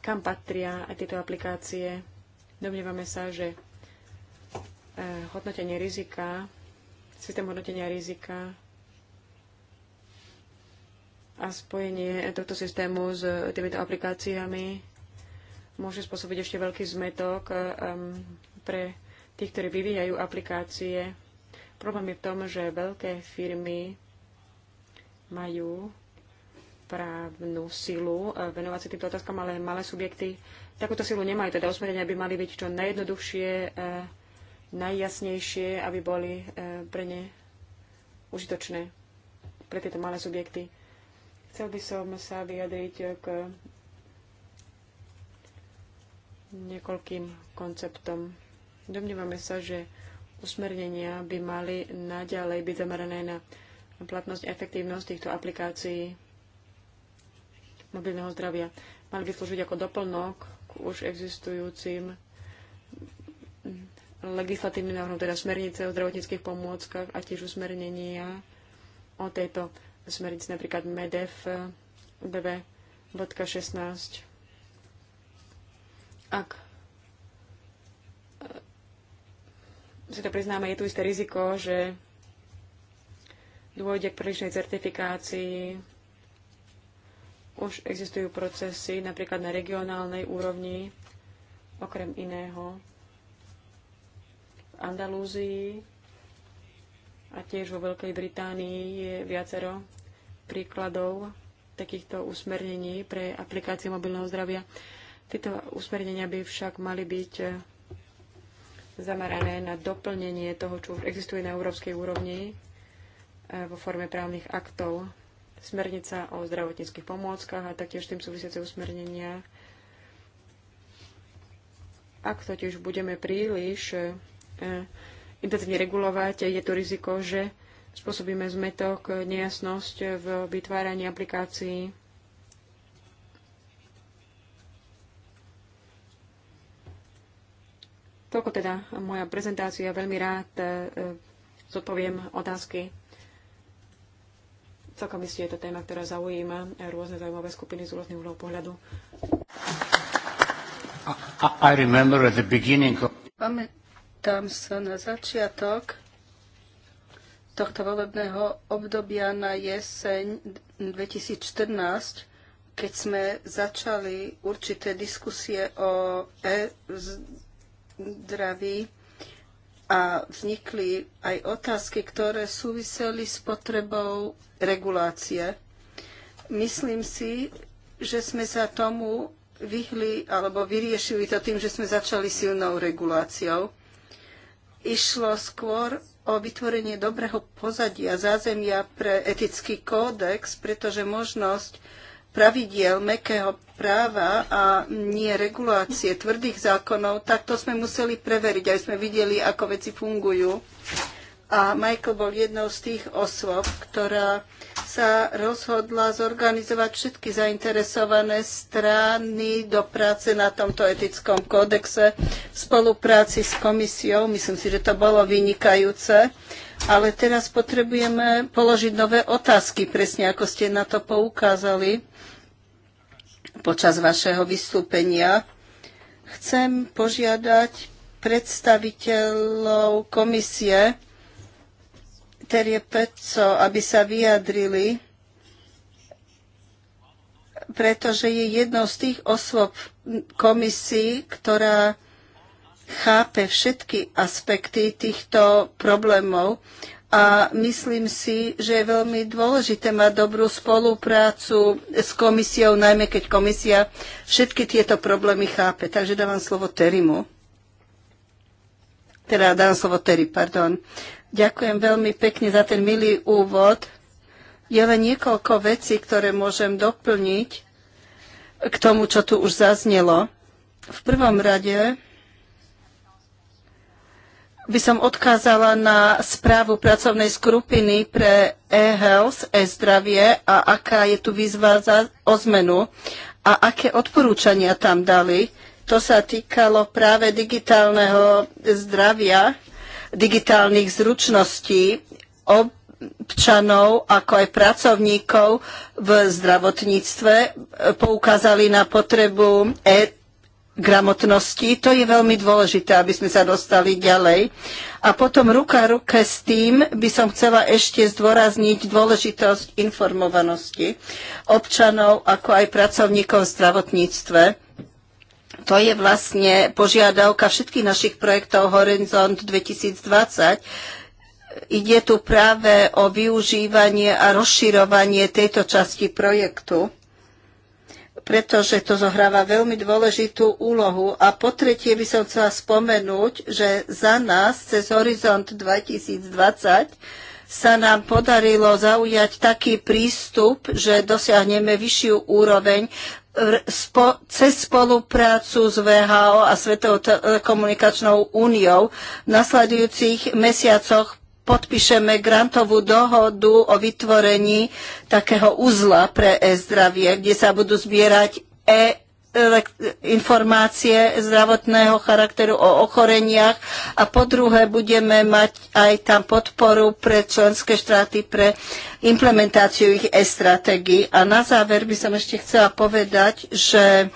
kam patria aj tieto aplikácie. Domnievame sa, že eh, hodnotenie rizika, systém hodnotenia rizika a spojenie tohto systému s týmito aplikáciami môže spôsobiť ešte veľký zmetok eh, pre tých, ktorí vyvíjajú aplikácie. Problém je v tom, že veľké firmy majú právnu silu eh, venovať sa týmto otázkam, ale malé subjekty takúto silu nemajú. Teda osmerenia by mali byť čo najjednoduchšie, eh, najjasnejšie, aby boli pre ne užitočné, pre tieto malé subjekty. Chcel by som sa vyjadriť k niekoľkým konceptom. Domnívame sa, že usmernenia by mali naďalej byť zamerané na platnosť a efektívnosť týchto aplikácií mobilného zdravia. Mali by slúžiť ako doplnok k už existujúcim legislatívnym návrhom, teda smernice o zdravotníckých pomôckach a tiež usmernenia o tejto smernic, napríklad MEDEF 2.16. Ak e, si to priznáme, je tu isté riziko, že dôjde k prílišnej certifikácii. Už existujú procesy, napríklad na regionálnej úrovni, okrem iného, v Andalúzii a tiež vo Veľkej Británii je viacero príkladov takýchto usmernení pre aplikáciu mobilného zdravia. Tieto usmernenia by však mali byť eh, zamerané na doplnenie toho, čo už existuje na európskej úrovni eh, vo forme právnych aktov. Smernica o zdravotníckých pomôckach a taktiež tým súvisiace usmernenia. Ak totiž budeme príliš eh, intenzívne regulovať, je to riziko, že spôsobíme zmetok, nejasnosť v vytváraní aplikácií. Toľko teda moja prezentácia. Veľmi rád e, zodpoviem otázky. Celkom isté je to téma, ktorá zaujíma rôzne zaujímavé skupiny z rôznych uhlov pohľadu. I, I remember at the beginning of... Pamätám sa na začiatok tohto volebného obdobia na jeseň 2014, keď sme začali určité diskusie o e-zdraví a vznikli aj otázky, ktoré súviseli s potrebou regulácie. Myslím si, že sme sa tomu vyhli alebo vyriešili to tým, že sme začali silnou reguláciou. Išlo skôr o vytvorenie dobrého pozadia, zázemia pre etický kódex, pretože možnosť pravidiel mekého práva a nie regulácie tvrdých zákonov, tak to sme museli preveriť, aj sme videli, ako veci fungujú. A Michael bol jednou z tých osôb, ktorá sa rozhodla zorganizovať všetky zainteresované strany do práce na tomto etickom kódexe v spolupráci s komisiou. Myslím si, že to bolo vynikajúce. Ale teraz potrebujeme položiť nové otázky, presne ako ste na to poukázali počas vašeho vystúpenia. Chcem požiadať predstaviteľov komisie, Terie Peco, aby sa vyjadrili, pretože je jednou z tých osôb komisii, ktorá chápe všetky aspekty týchto problémov a myslím si, že je veľmi dôležité mať dobrú spoluprácu s komisiou, najmä keď komisia všetky tieto problémy chápe. Takže dávam slovo Terimu. Teda dávam slovo Terry, pardon. Ďakujem veľmi pekne za ten milý úvod. Je len niekoľko vecí, ktoré môžem doplniť k tomu, čo tu už zaznelo. V prvom rade by som odkázala na správu pracovnej skupiny pre e-health, e-zdravie a aká je tu výzva za, o zmenu a aké odporúčania tam dali. To sa týkalo práve digitálneho zdravia, digitálnych zručností občanov, ako aj pracovníkov v zdravotníctve, e, poukázali na potrebu e gramotnosti. To je veľmi dôležité, aby sme sa dostali ďalej. A potom ruka ruke s tým by som chcela ešte zdôrazniť dôležitosť informovanosti občanov, ako aj pracovníkov v zdravotníctve to je vlastne požiadavka všetkých našich projektov Horizont 2020. Ide tu práve o využívanie a rozširovanie tejto časti projektu pretože to zohráva veľmi dôležitú úlohu. A po tretie by som chcela spomenúť, že za nás cez Horizont 2020 sa nám podarilo zaujať taký prístup, že dosiahneme vyššiu úroveň spo, cez spoluprácu s VHO a Svetovou komunikačnou úniou v nasledujúcich mesiacoch podpíšeme grantovú dohodu o vytvorení takého uzla pre e-zdravie, kde sa budú zbierať e informácie zdravotného charakteru o ochoreniach a po druhé budeme mať aj tam podporu pre členské štáty pre implementáciu ich e-stratégií. A na záver by som ešte chcela povedať, že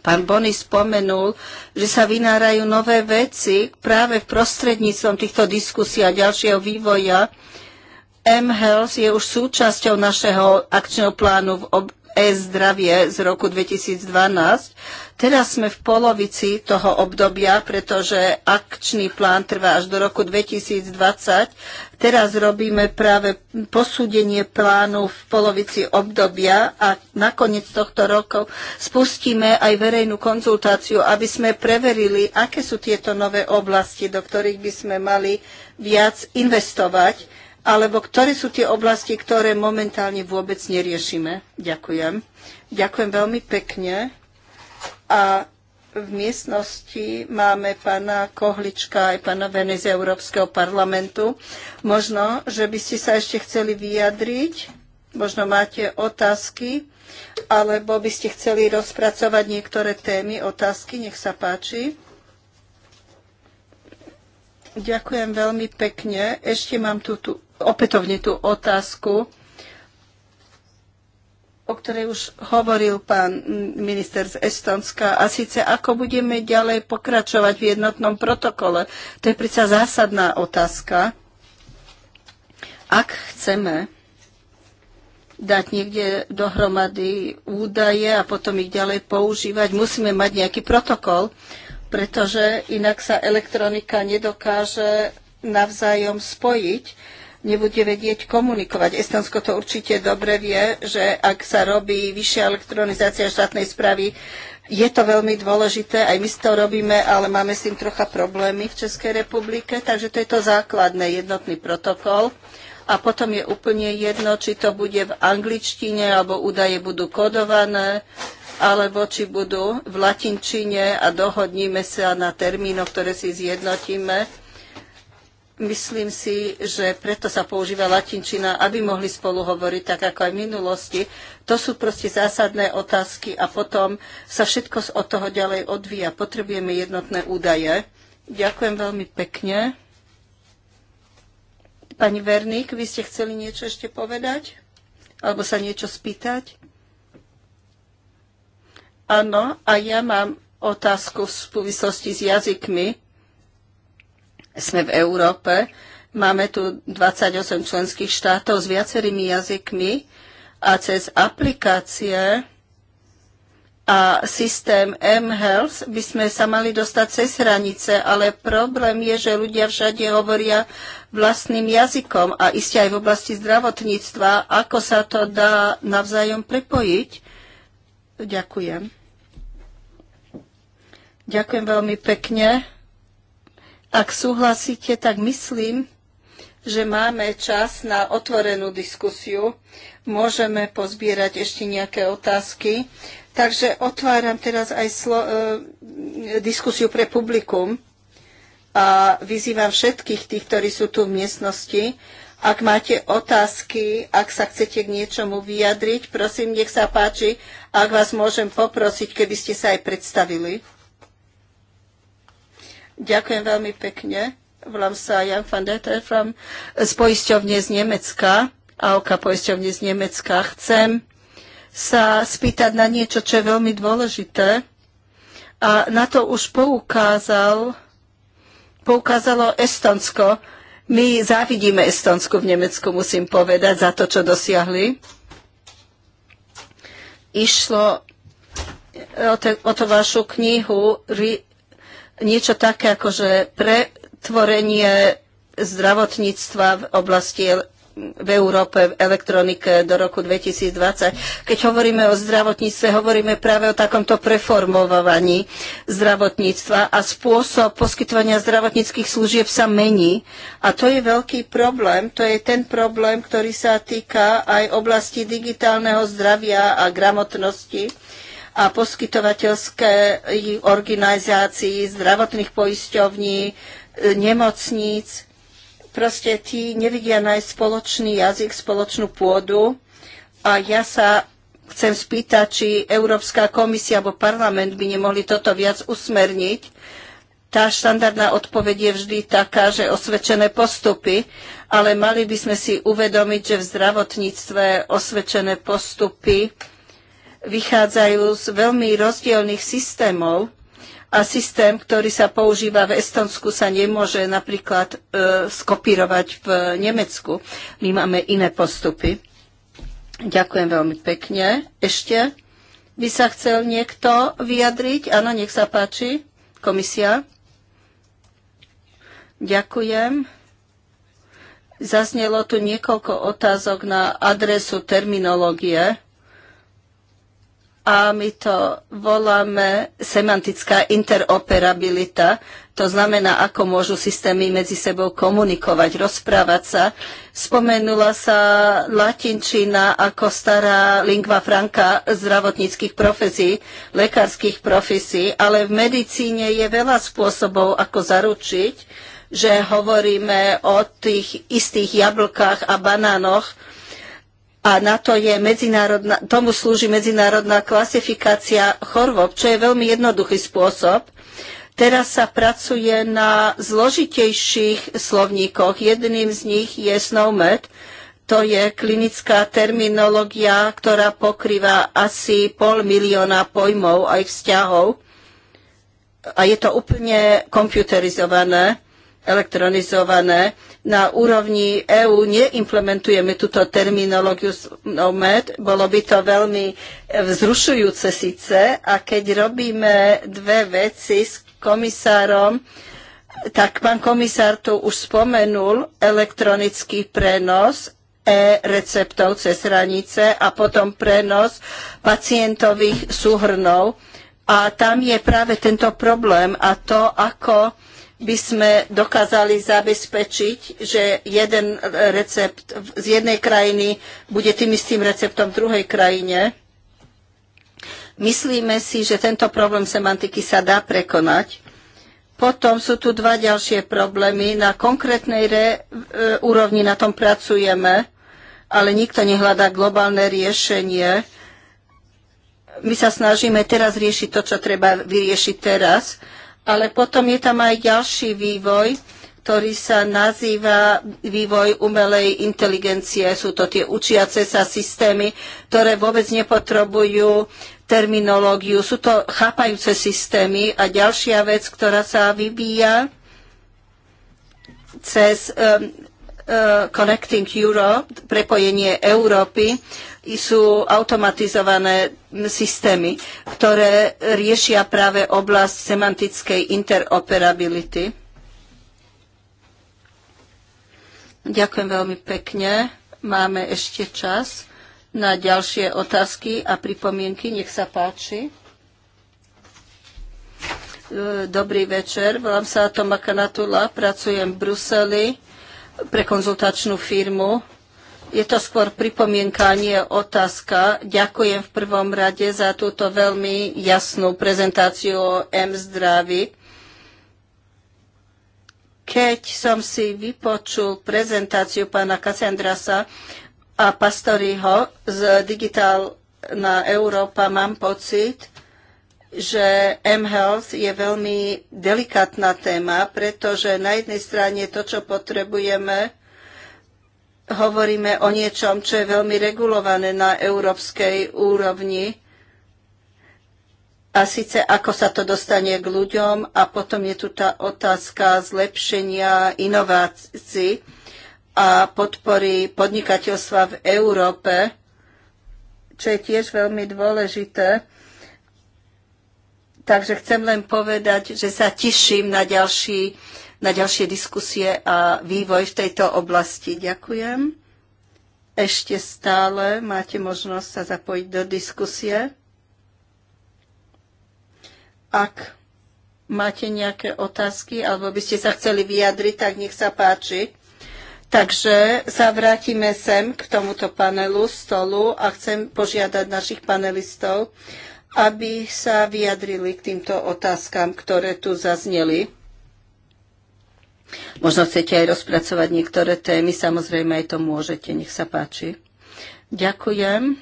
pán Bony spomenul, že sa vynárajú nové veci práve v prostredníctvom týchto diskusí a ďalšieho vývoja. M-Health je už súčasťou našeho akčného plánu v ob- e-zdravie z roku 2012. Teraz sme v polovici toho obdobia, pretože akčný plán trvá až do roku 2020. Teraz robíme práve posúdenie plánu v polovici obdobia a nakoniec tohto roku spustíme aj verejnú konzultáciu, aby sme preverili, aké sú tieto nové oblasti, do ktorých by sme mali viac investovať alebo ktoré sú tie oblasti, ktoré momentálne vôbec neriešime. Ďakujem. Ďakujem veľmi pekne. A v miestnosti máme pána Kohlička aj pána Venezia Európskeho parlamentu. Možno, že by ste sa ešte chceli vyjadriť, možno máte otázky, alebo by ste chceli rozpracovať niektoré témy, otázky, nech sa páči. Ďakujem veľmi pekne. Ešte mám tu, tu opätovne tú otázku, o ktorej už hovoril pán minister z Estonska, a síce ako budeme ďalej pokračovať v jednotnom protokole. To je predsa zásadná otázka. Ak chceme dať niekde dohromady údaje a potom ich ďalej používať, musíme mať nejaký protokol, pretože inak sa elektronika nedokáže navzájom spojiť nebude vedieť komunikovať. Estonsko to určite dobre vie, že ak sa robí vyššia elektronizácia štátnej správy, je to veľmi dôležité, aj my to robíme, ale máme s tým trocha problémy v Českej republike, takže to je to základné, jednotný protokol a potom je úplne jedno, či to bude v angličtine, alebo údaje budú kodované, alebo či budú v latinčine a dohodníme sa na termínoch, ktoré si zjednotíme. Myslím si, že preto sa používa latinčina, aby mohli spolu hovoriť tak ako aj v minulosti. To sú proste zásadné otázky a potom sa všetko od toho ďalej odvíja. Potrebujeme jednotné údaje. Ďakujem veľmi pekne. Pani Verník, vy ste chceli niečo ešte povedať? Alebo sa niečo spýtať? Áno, a ja mám otázku v súvislosti s jazykmi. Sme v Európe, máme tu 28 členských štátov s viacerými jazykmi a cez aplikácie a systém mHealth by sme sa mali dostať cez hranice, ale problém je, že ľudia všade hovoria vlastným jazykom a iste aj v oblasti zdravotníctva, ako sa to dá navzájom prepojiť. Ďakujem. Ďakujem veľmi pekne. Ak súhlasíte, tak myslím, že máme čas na otvorenú diskusiu. Môžeme pozbierať ešte nejaké otázky. Takže otváram teraz aj slo- e, diskusiu pre publikum a vyzývam všetkých tých, ktorí sú tu v miestnosti. Ak máte otázky, ak sa chcete k niečomu vyjadriť, prosím, nech sa páči, ak vás môžem poprosiť, keby ste sa aj predstavili. Ďakujem veľmi pekne. Volám sa Jan van der z poisťovne z Nemecka, AOKA poisťovne z Nemecka. Chcem sa spýtať na niečo, čo je veľmi dôležité. A na to už poukázal, poukázalo Estonsko. My závidíme Estonsku v Nemecku, musím povedať, za to, čo dosiahli. Išlo o, te, o to vašu knihu niečo také ako že pretvorenie zdravotníctva v oblasti v Európe v elektronike do roku 2020. Keď hovoríme o zdravotníctve, hovoríme práve o takomto preformovaní zdravotníctva a spôsob poskytovania zdravotníckých služieb sa mení. A to je veľký problém. To je ten problém, ktorý sa týka aj oblasti digitálneho zdravia a gramotnosti a poskytovateľské organizácií, zdravotných poisťovní, nemocníc. Proste tí nevidia nájsť spoločný jazyk, spoločnú pôdu. A ja sa chcem spýtať, či Európska komisia alebo parlament by nemohli toto viac usmerniť. Tá štandardná odpoveď je vždy taká, že osvedčené postupy, ale mali by sme si uvedomiť, že v zdravotníctve osvedčené postupy vychádzajú z veľmi rozdielných systémov a systém, ktorý sa používa v Estonsku, sa nemôže napríklad e, skopírovať v Nemecku. My máme iné postupy. Ďakujem veľmi pekne. Ešte by sa chcel niekto vyjadriť? Áno, nech sa páči. Komisia. Ďakujem. Zaznelo tu niekoľko otázok na adresu terminológie a my to voláme semantická interoperabilita. To znamená, ako môžu systémy medzi sebou komunikovať, rozprávať sa. Spomenula sa latinčina ako stará lingva franca zdravotníckých profesí, lekárskych profesí, ale v medicíne je veľa spôsobov, ako zaručiť, že hovoríme o tých istých jablkách a banánoch, a na to je medzinárodná, tomu slúži medzinárodná klasifikácia chorôb, čo je veľmi jednoduchý spôsob. Teraz sa pracuje na zložitejších slovníkoch. Jedným z nich je SNOMED, to je klinická terminológia, ktorá pokrýva asi pol milióna pojmov aj vzťahov. A je to úplne komputerizované, elektronizované na úrovni EÚ neimplementujeme túto terminológiu NOMED. Bolo by to veľmi e, vzrušujúce síce a keď robíme dve veci s komisárom, tak pán komisár tu už spomenul elektronický prenos e-receptov cez hranice a potom prenos pacientových súhrnov. A tam je práve tento problém a to, ako by sme dokázali zabezpečiť, že jeden recept z jednej krajiny bude tým istým receptom v druhej krajine. Myslíme si, že tento problém semantiky sa dá prekonať. Potom sú tu dva ďalšie problémy. Na konkrétnej re, e, úrovni na tom pracujeme, ale nikto nehľadá globálne riešenie. My sa snažíme teraz riešiť to, čo treba vyriešiť teraz ale potom je tam aj ďalší vývoj, ktorý sa nazýva vývoj umelej inteligencie. Sú to tie učiace sa systémy, ktoré vôbec nepotrebujú terminológiu. Sú to chápajúce systémy. A ďalšia vec, ktorá sa vyvíja cez um, Eh, Connecting Europe, prepojenie Európy, sú automatizované systémy, ktoré riešia práve oblasť semantickej interoperability. Ďakujem veľmi pekne. Máme ešte čas na ďalšie otázky a pripomienky. Nech sa páči. Eh, dobrý večer. Volám sa Toma Kanatula, pracujem v Bruseli pre konzultačnú firmu. Je to skôr pripomienka, nie otázka. Ďakujem v prvom rade za túto veľmi jasnú prezentáciu o M-zdraví. Keď som si vypočul prezentáciu pána Kassandrasa a Pastoriho z Digital na Európa, mám pocit, že mHealth je veľmi delikatná téma, pretože na jednej strane to, čo potrebujeme, hovoríme o niečom, čo je veľmi regulované na európskej úrovni. A síce ako sa to dostane k ľuďom a potom je tu tá otázka zlepšenia inovácií a podpory podnikateľstva v Európe, čo je tiež veľmi dôležité Takže chcem len povedať, že sa teším na, ďalší, na ďalšie diskusie a vývoj v tejto oblasti. Ďakujem. Ešte stále máte možnosť sa zapojiť do diskusie. Ak máte nejaké otázky alebo by ste sa chceli vyjadriť, tak nech sa páči. Takže sa vrátime sem k tomuto panelu stolu a chcem požiadať našich panelistov, aby sa vyjadrili k týmto otázkam, ktoré tu zazneli. Možno chcete aj rozpracovať niektoré témy, samozrejme aj to môžete, nech sa páči. Ďakujem.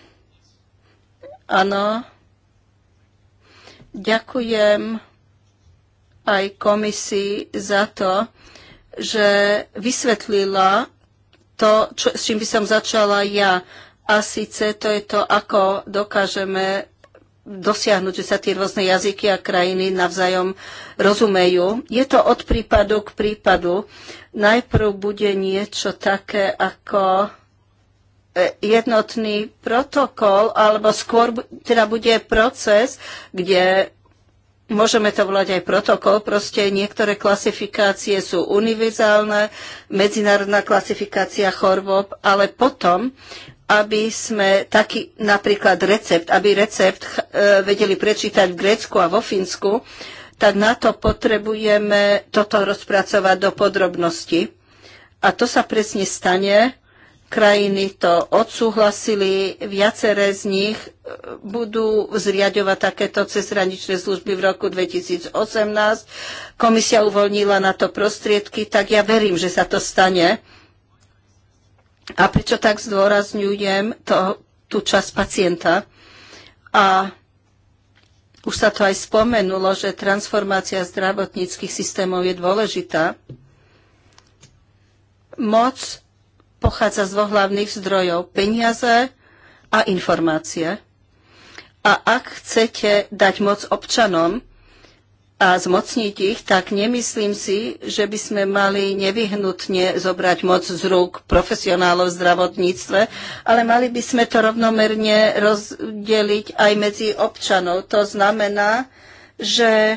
Áno. Ďakujem aj komisii za to, že vysvetlila to, čo, s čím by som začala ja. A síce to je to, ako dokážeme dosiahnuť, že sa tie rôzne jazyky a krajiny navzájom rozumejú. Je to od prípadu k prípadu. Najprv bude niečo také ako e, jednotný protokol, alebo skôr teda bude proces, kde Môžeme to volať aj protokol, proste niektoré klasifikácie sú univerzálne, medzinárodná klasifikácia chorôb, ale potom aby sme taký napríklad recept, aby recept e, vedeli prečítať v Grécku a vo Fínsku, tak na to potrebujeme toto rozpracovať do podrobnosti. A to sa presne stane. Krajiny to odsúhlasili, viaceré z nich e, budú zriadovať takéto cezhraničné služby v roku 2018. Komisia uvoľnila na to prostriedky, tak ja verím, že sa to stane a prečo tak zdôrazňujem to, tú časť pacienta? A už sa to aj spomenulo, že transformácia zdravotníckých systémov je dôležitá. Moc pochádza z dvoch hlavných zdrojov peniaze a informácie. A ak chcete dať moc občanom, a zmocniť ich, tak nemyslím si, že by sme mali nevyhnutne zobrať moc z rúk profesionálov v zdravotníctve, ale mali by sme to rovnomerne rozdeliť aj medzi občanov. To znamená, že e,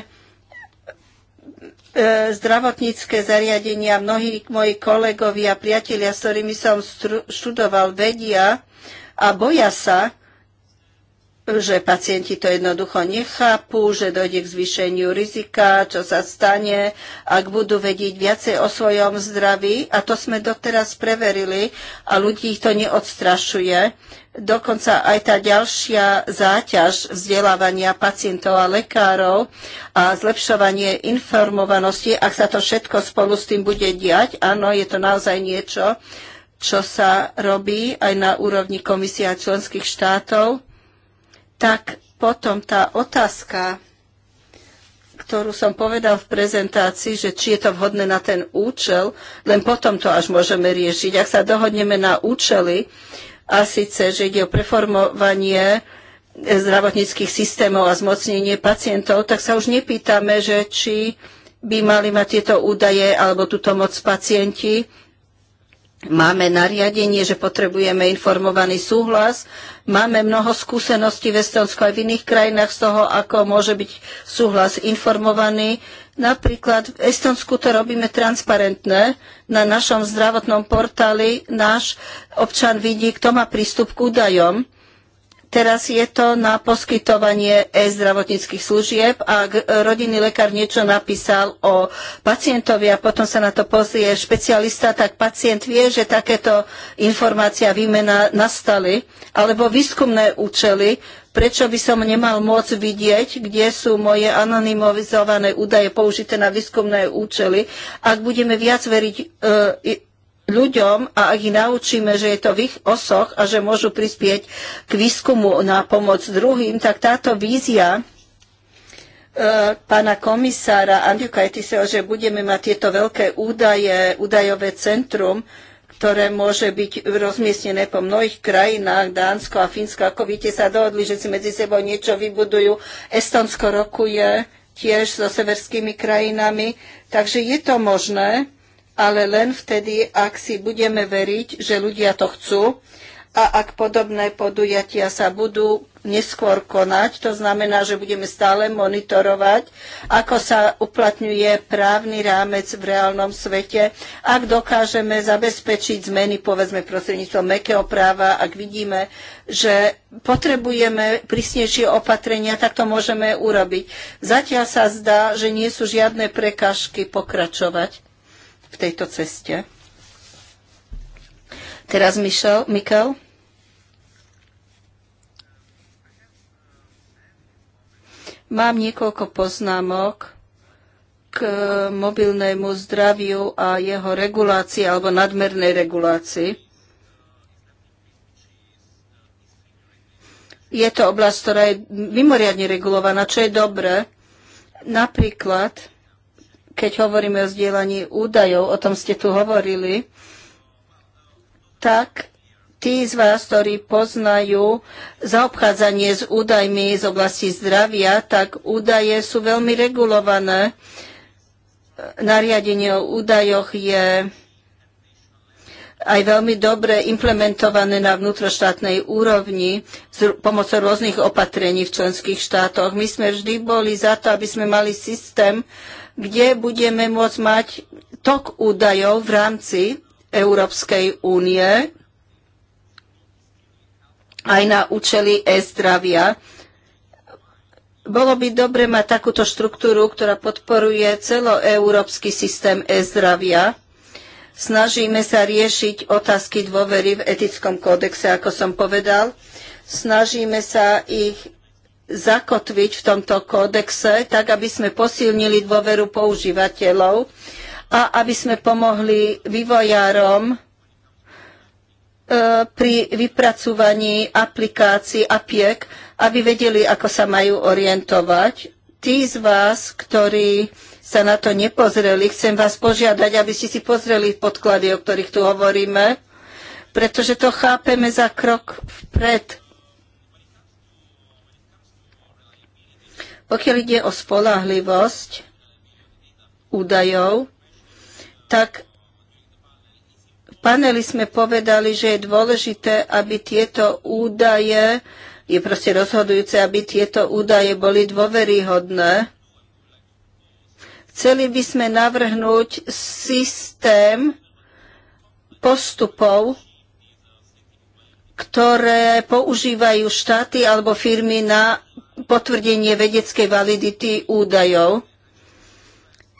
zdravotnícke zariadenia, mnohí moji kolegovia, priatelia, s ktorými som študoval, vedia a boja sa, že pacienti to jednoducho nechápu, že dojde k zvýšeniu rizika, čo sa stane, ak budú vedieť viacej o svojom zdraví. A to sme doteraz preverili a ľudí to neodstrašuje. Dokonca aj tá ďalšia záťaž vzdelávania pacientov a lekárov a zlepšovanie informovanosti, ak sa to všetko spolu s tým bude diať, áno, je to naozaj niečo, čo sa robí aj na úrovni komisia členských štátov tak potom tá otázka, ktorú som povedal v prezentácii, že či je to vhodné na ten účel, len potom to až môžeme riešiť. Ak sa dohodneme na účely, a síce, že ide o preformovanie e, zdravotníckých systémov a zmocnenie pacientov, tak sa už nepýtame, že či by mali mať tieto údaje alebo túto moc pacienti, Máme nariadenie, že potrebujeme informovaný súhlas. Máme mnoho skúseností v Estonsku aj v iných krajinách z toho, ako môže byť súhlas informovaný. Napríklad v Estonsku to robíme transparentné. Na našom zdravotnom portáli náš občan vidí, kto má prístup k údajom. Teraz je to na poskytovanie e-zdravotníckých služieb. Ak rodinný lekár niečo napísal o pacientovi a potom sa na to pozrie špecialista, tak pacient vie, že takéto informácia výmena nastali, alebo výskumné účely, prečo by som nemal môcť vidieť, kde sú moje anonymizované údaje použité na výskumné účely, ak budeme viac veriť e, ľuďom a ak ich naučíme, že je to v ich osoch a že môžu prispieť k výskumu na pomoc druhým, tak táto vízia e, pána komisára Andriukajtiseho, že budeme mať tieto veľké údaje, údajové centrum, ktoré môže byť rozmiestnené po mnohých krajinách, Dánsko a Fínsko, ako víte, sa dohodli, že si medzi sebou niečo vybudujú. Estonsko rokuje tiež so severskými krajinami, takže je to možné ale len vtedy, ak si budeme veriť, že ľudia to chcú a ak podobné podujatia sa budú neskôr konať. To znamená, že budeme stále monitorovať, ako sa uplatňuje právny rámec v reálnom svete. Ak dokážeme zabezpečiť zmeny, povedzme prostredníctvom mekého práva, ak vidíme, že potrebujeme prísnejšie opatrenia, tak to môžeme urobiť. Zatiaľ sa zdá, že nie sú žiadne prekažky pokračovať v tejto ceste. Teraz Michel, Mikel. Mám niekoľko poznámok k mobilnému zdraviu a jeho regulácii alebo nadmernej regulácii. Je to oblasť, ktorá je mimoriadne regulovaná, čo je dobré. Napríklad keď hovoríme o zdieľaní údajov, o tom ste tu hovorili, tak tí z vás, ktorí poznajú zaobchádzanie s údajmi z oblasti zdravia, tak údaje sú veľmi regulované. Nariadenie o údajoch je aj veľmi dobre implementované na vnútroštátnej úrovni s pomocou rôznych opatrení v členských štátoch. My sme vždy boli za to, aby sme mali systém, kde budeme môcť mať tok údajov v rámci Európskej únie aj na účely e-zdravia. Bolo by dobre mať takúto štruktúru, ktorá podporuje celoeurópsky systém e-zdravia. Snažíme sa riešiť otázky dôvery v etickom kódexe, ako som povedal. Snažíme sa ich zakotviť v tomto kódexe, tak aby sme posilnili dôveru používateľov a aby sme pomohli vývojárom e, pri vypracúvaní aplikácií APIEK, aby vedeli, ako sa majú orientovať. Tí z vás, ktorí sa na to nepozreli, chcem vás požiadať, aby ste si pozreli podklady, o ktorých tu hovoríme, pretože to chápeme za krok vpred Pokiaľ ide o spolahlivosť údajov, tak v paneli sme povedali, že je dôležité, aby tieto údaje, je proste rozhodujúce, aby tieto údaje boli dôveryhodné. Chceli by sme navrhnúť systém postupov, ktoré používajú štáty alebo firmy na potvrdenie vedeckej validity údajov.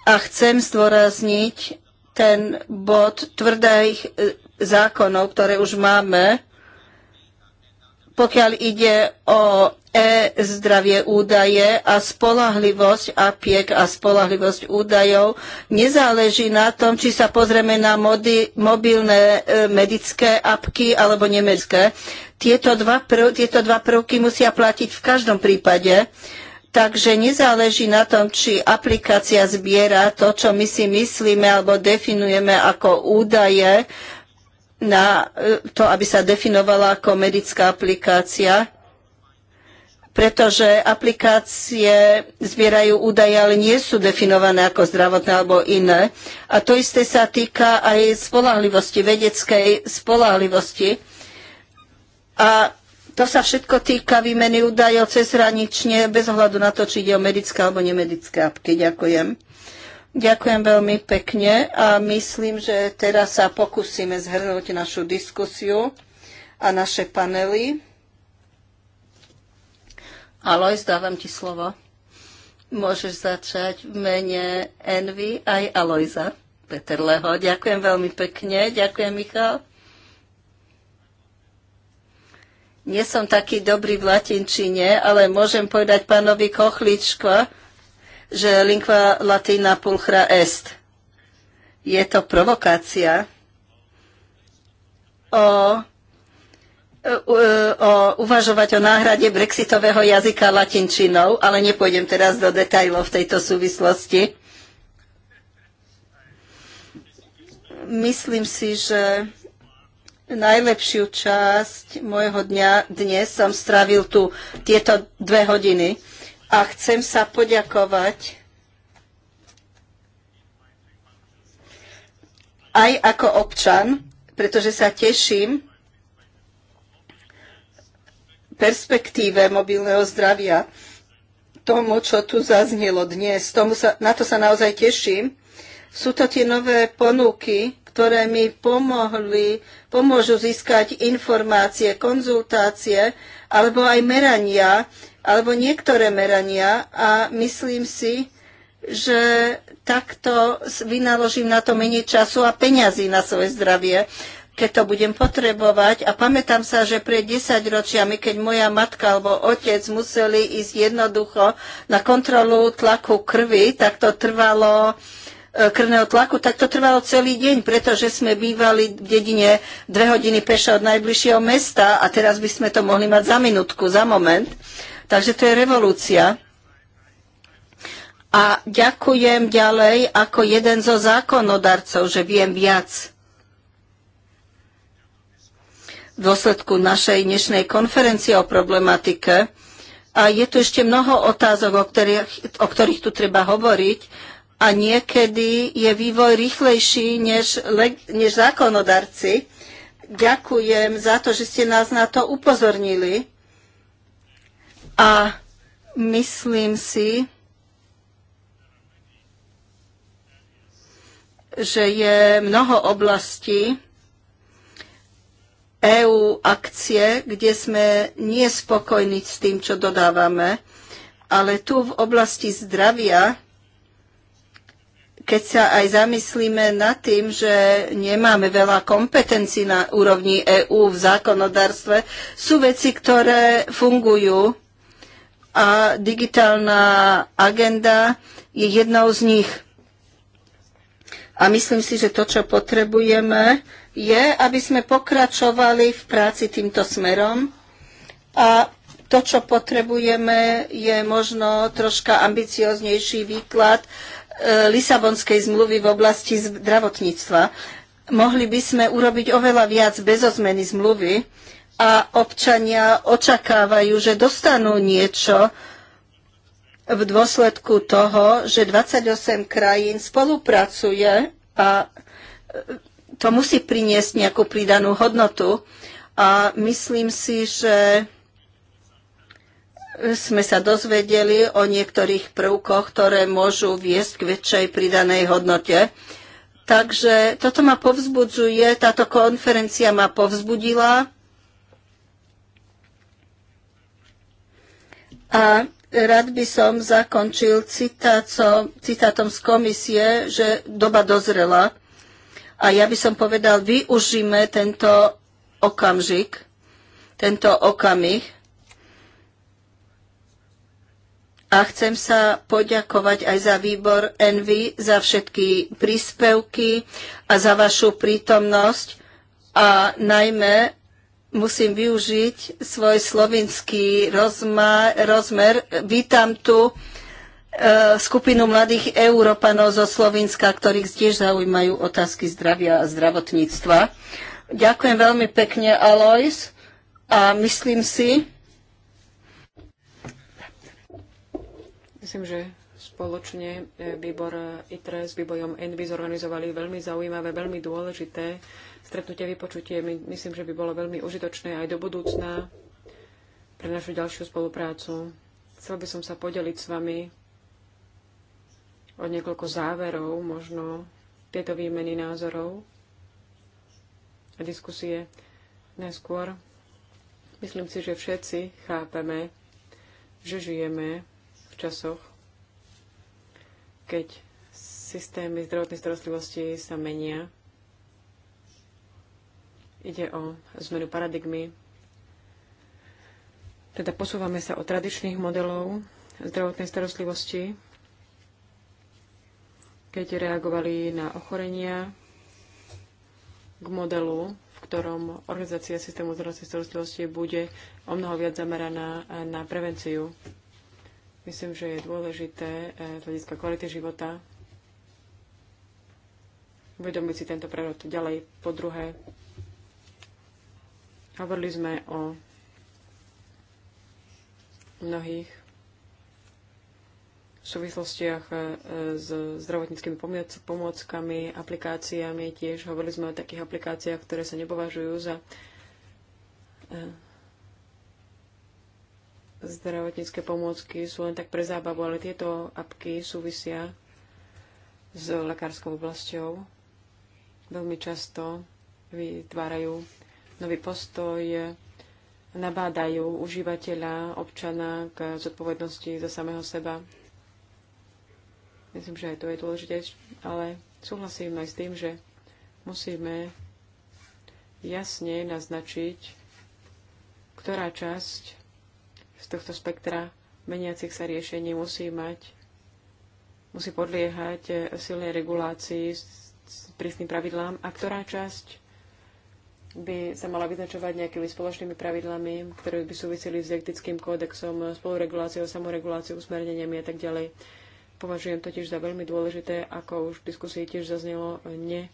A chcem zdôrazniť ten bod tvrdých e, zákonov, ktoré už máme, pokiaľ ide o e-zdravie údaje a spolahlivosť APIEK a spolahlivosť údajov nezáleží na tom, či sa pozrieme na modi, mobilné e, medické apky alebo nemecké. Tieto dva, prv, tieto dva prvky musia platiť v každom prípade. Takže nezáleží na tom, či aplikácia zbiera to, čo my si myslíme alebo definujeme ako údaje na e, to, aby sa definovala ako medická aplikácia pretože aplikácie zbierajú údaje, ale nie sú definované ako zdravotné alebo iné. A to isté sa týka aj spolahlivosti, vedeckej spolahlivosti. A to sa všetko týka výmeny údajov cezhranične, bez ohľadu na to, či ide o medické alebo nemedické apky. Ďakujem. Ďakujem veľmi pekne a myslím, že teraz sa pokúsime zhrnúť našu diskusiu a naše panely. Alois, dávam ti slovo. Môžeš začať v mene Envy aj Alojza Peterleho. Ďakujem veľmi pekne. Ďakujem, Michal. Nie som taký dobrý v latinčine, ale môžem povedať pánovi Kochličko, že lingua latina pulchra est. Je to provokácia o o, uvažovať o náhrade brexitového jazyka latinčinou, ale nepôjdem teraz do detajlov v tejto súvislosti. Myslím si, že najlepšiu časť môjho dňa dnes som strávil tu tieto dve hodiny a chcem sa poďakovať aj ako občan, pretože sa teším, perspektíve mobilného zdravia, tomu, čo tu zaznelo dnes. Tomu sa, na to sa naozaj teším. Sú to tie nové ponuky, ktoré mi pomohli, pomôžu získať informácie, konzultácie, alebo aj merania, alebo niektoré merania a myslím si, že takto vynaložím na to menej času a peňazí na svoje zdravie keď to budem potrebovať. A pamätám sa, že pred 10 ročiami, keď moja matka alebo otec museli ísť jednoducho na kontrolu tlaku krvi, tak to trvalo e, krvného tlaku, tak to trvalo celý deň, pretože sme bývali v dedine dve hodiny peša od najbližšieho mesta a teraz by sme to mohli mať za minútku, za moment. Takže to je revolúcia. A ďakujem ďalej ako jeden zo zákonodarcov, že viem viac v dôsledku našej dnešnej konferencie o problematike. A je tu ešte mnoho otázok, o ktorých, o ktorých tu treba hovoriť. A niekedy je vývoj rýchlejší než, než zákonodarci. Ďakujem za to, že ste nás na to upozornili. A myslím si, že je mnoho oblastí, EU akcie, kde sme nespokojní s tým, čo dodávame, ale tu v oblasti zdravia, keď sa aj zamyslíme nad tým, že nemáme veľa kompetencií na úrovni EÚ v zákonodárstve, sú veci, ktoré fungujú a digitálna agenda je jednou z nich. A myslím si, že to, čo potrebujeme, je, aby sme pokračovali v práci týmto smerom a to, čo potrebujeme, je možno troška ambicioznejší výklad e, Lisabonskej zmluvy v oblasti zdravotníctva. Mohli by sme urobiť oveľa viac bez zmeny zmluvy a občania očakávajú, že dostanú niečo, v dôsledku toho, že 28 krajín spolupracuje a e, to musí priniesť nejakú pridanú hodnotu a myslím si, že sme sa dozvedeli o niektorých prvkoch, ktoré môžu viesť k väčšej pridanej hodnote. Takže toto ma povzbudzuje, táto konferencia ma povzbudila. A rád by som zakončil citátom, citátom z komisie, že doba dozrela. A ja by som povedal, využíme tento okamžik, tento okamih. A chcem sa poďakovať aj za výbor Envy, za všetky príspevky a za vašu prítomnosť. A najmä musím využiť svoj slovinský rozmer. Vítam tu E, skupinu mladých Európanov zo Slovenska, ktorých tiež zaujímajú otázky zdravia a zdravotníctva. Ďakujem veľmi pekne, Alois, a myslím si... Myslím, že spoločne e, výbor e, ITRE s výbojom ENVY zorganizovali veľmi zaujímavé, veľmi dôležité stretnutie, vypočutie. Myslím, že by bolo veľmi užitočné aj do budúcna pre našu ďalšiu spoluprácu. Chcel by som sa podeliť s vami o niekoľko záverov, možno tieto výmeny názorov a diskusie neskôr. Myslím si, že všetci chápeme, že žijeme v časoch, keď systémy zdravotnej starostlivosti sa menia. Ide o zmenu paradigmy. Teda posúvame sa od tradičných modelov zdravotnej starostlivosti keď reagovali na ochorenia k modelu, v ktorom organizácia systému zdravotnej starostlivosti bude o mnoho viac zameraná na prevenciu. Myslím, že je dôležité eh, z hľadiska kvality života uvedomiť si tento prerod. Ďalej, po druhé, hovorili sme o mnohých v súvislostiach e, s zdravotníckými pomôckami, aplikáciami. Tiež hovorili sme o takých aplikáciách, ktoré sa nepovažujú za e, zdravotnícke pomôcky, sú len tak pre zábavu, ale tieto apky súvisia s lekárskou oblasťou. Veľmi často vytvárajú nový postoj, nabádajú užívateľa, občana k zodpovednosti za samého seba Myslím, že aj to je dôležité, ale súhlasím aj s tým, že musíme jasne naznačiť, ktorá časť z tohto spektra meniacich sa riešení musí mať, musí podliehať silnej regulácii s prísnym pravidlám a ktorá časť by sa mala vyznačovať nejakými spoločnými pravidlami, ktoré by súviseli s etickým kódexom, spolureguláciou, samoreguláciou, usmerneniami a tak ďalej. Považujem to tiež za veľmi dôležité, ako už v diskusii tiež zaznelo, ne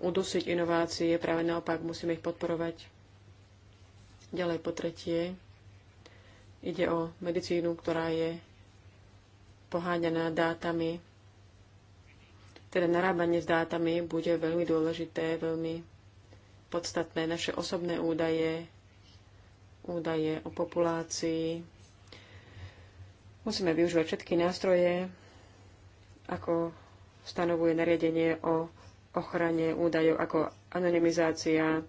udusiť inovácie, práve naopak musíme ich podporovať. Ďalej po tretie, ide o medicínu, ktorá je poháňaná dátami. Teda narábanie s dátami bude veľmi dôležité, veľmi podstatné. Naše osobné údaje, údaje o populácii, Musíme využívať všetky nástroje, ako stanovuje nariadenie o ochrane údajov, ako anonymizácia,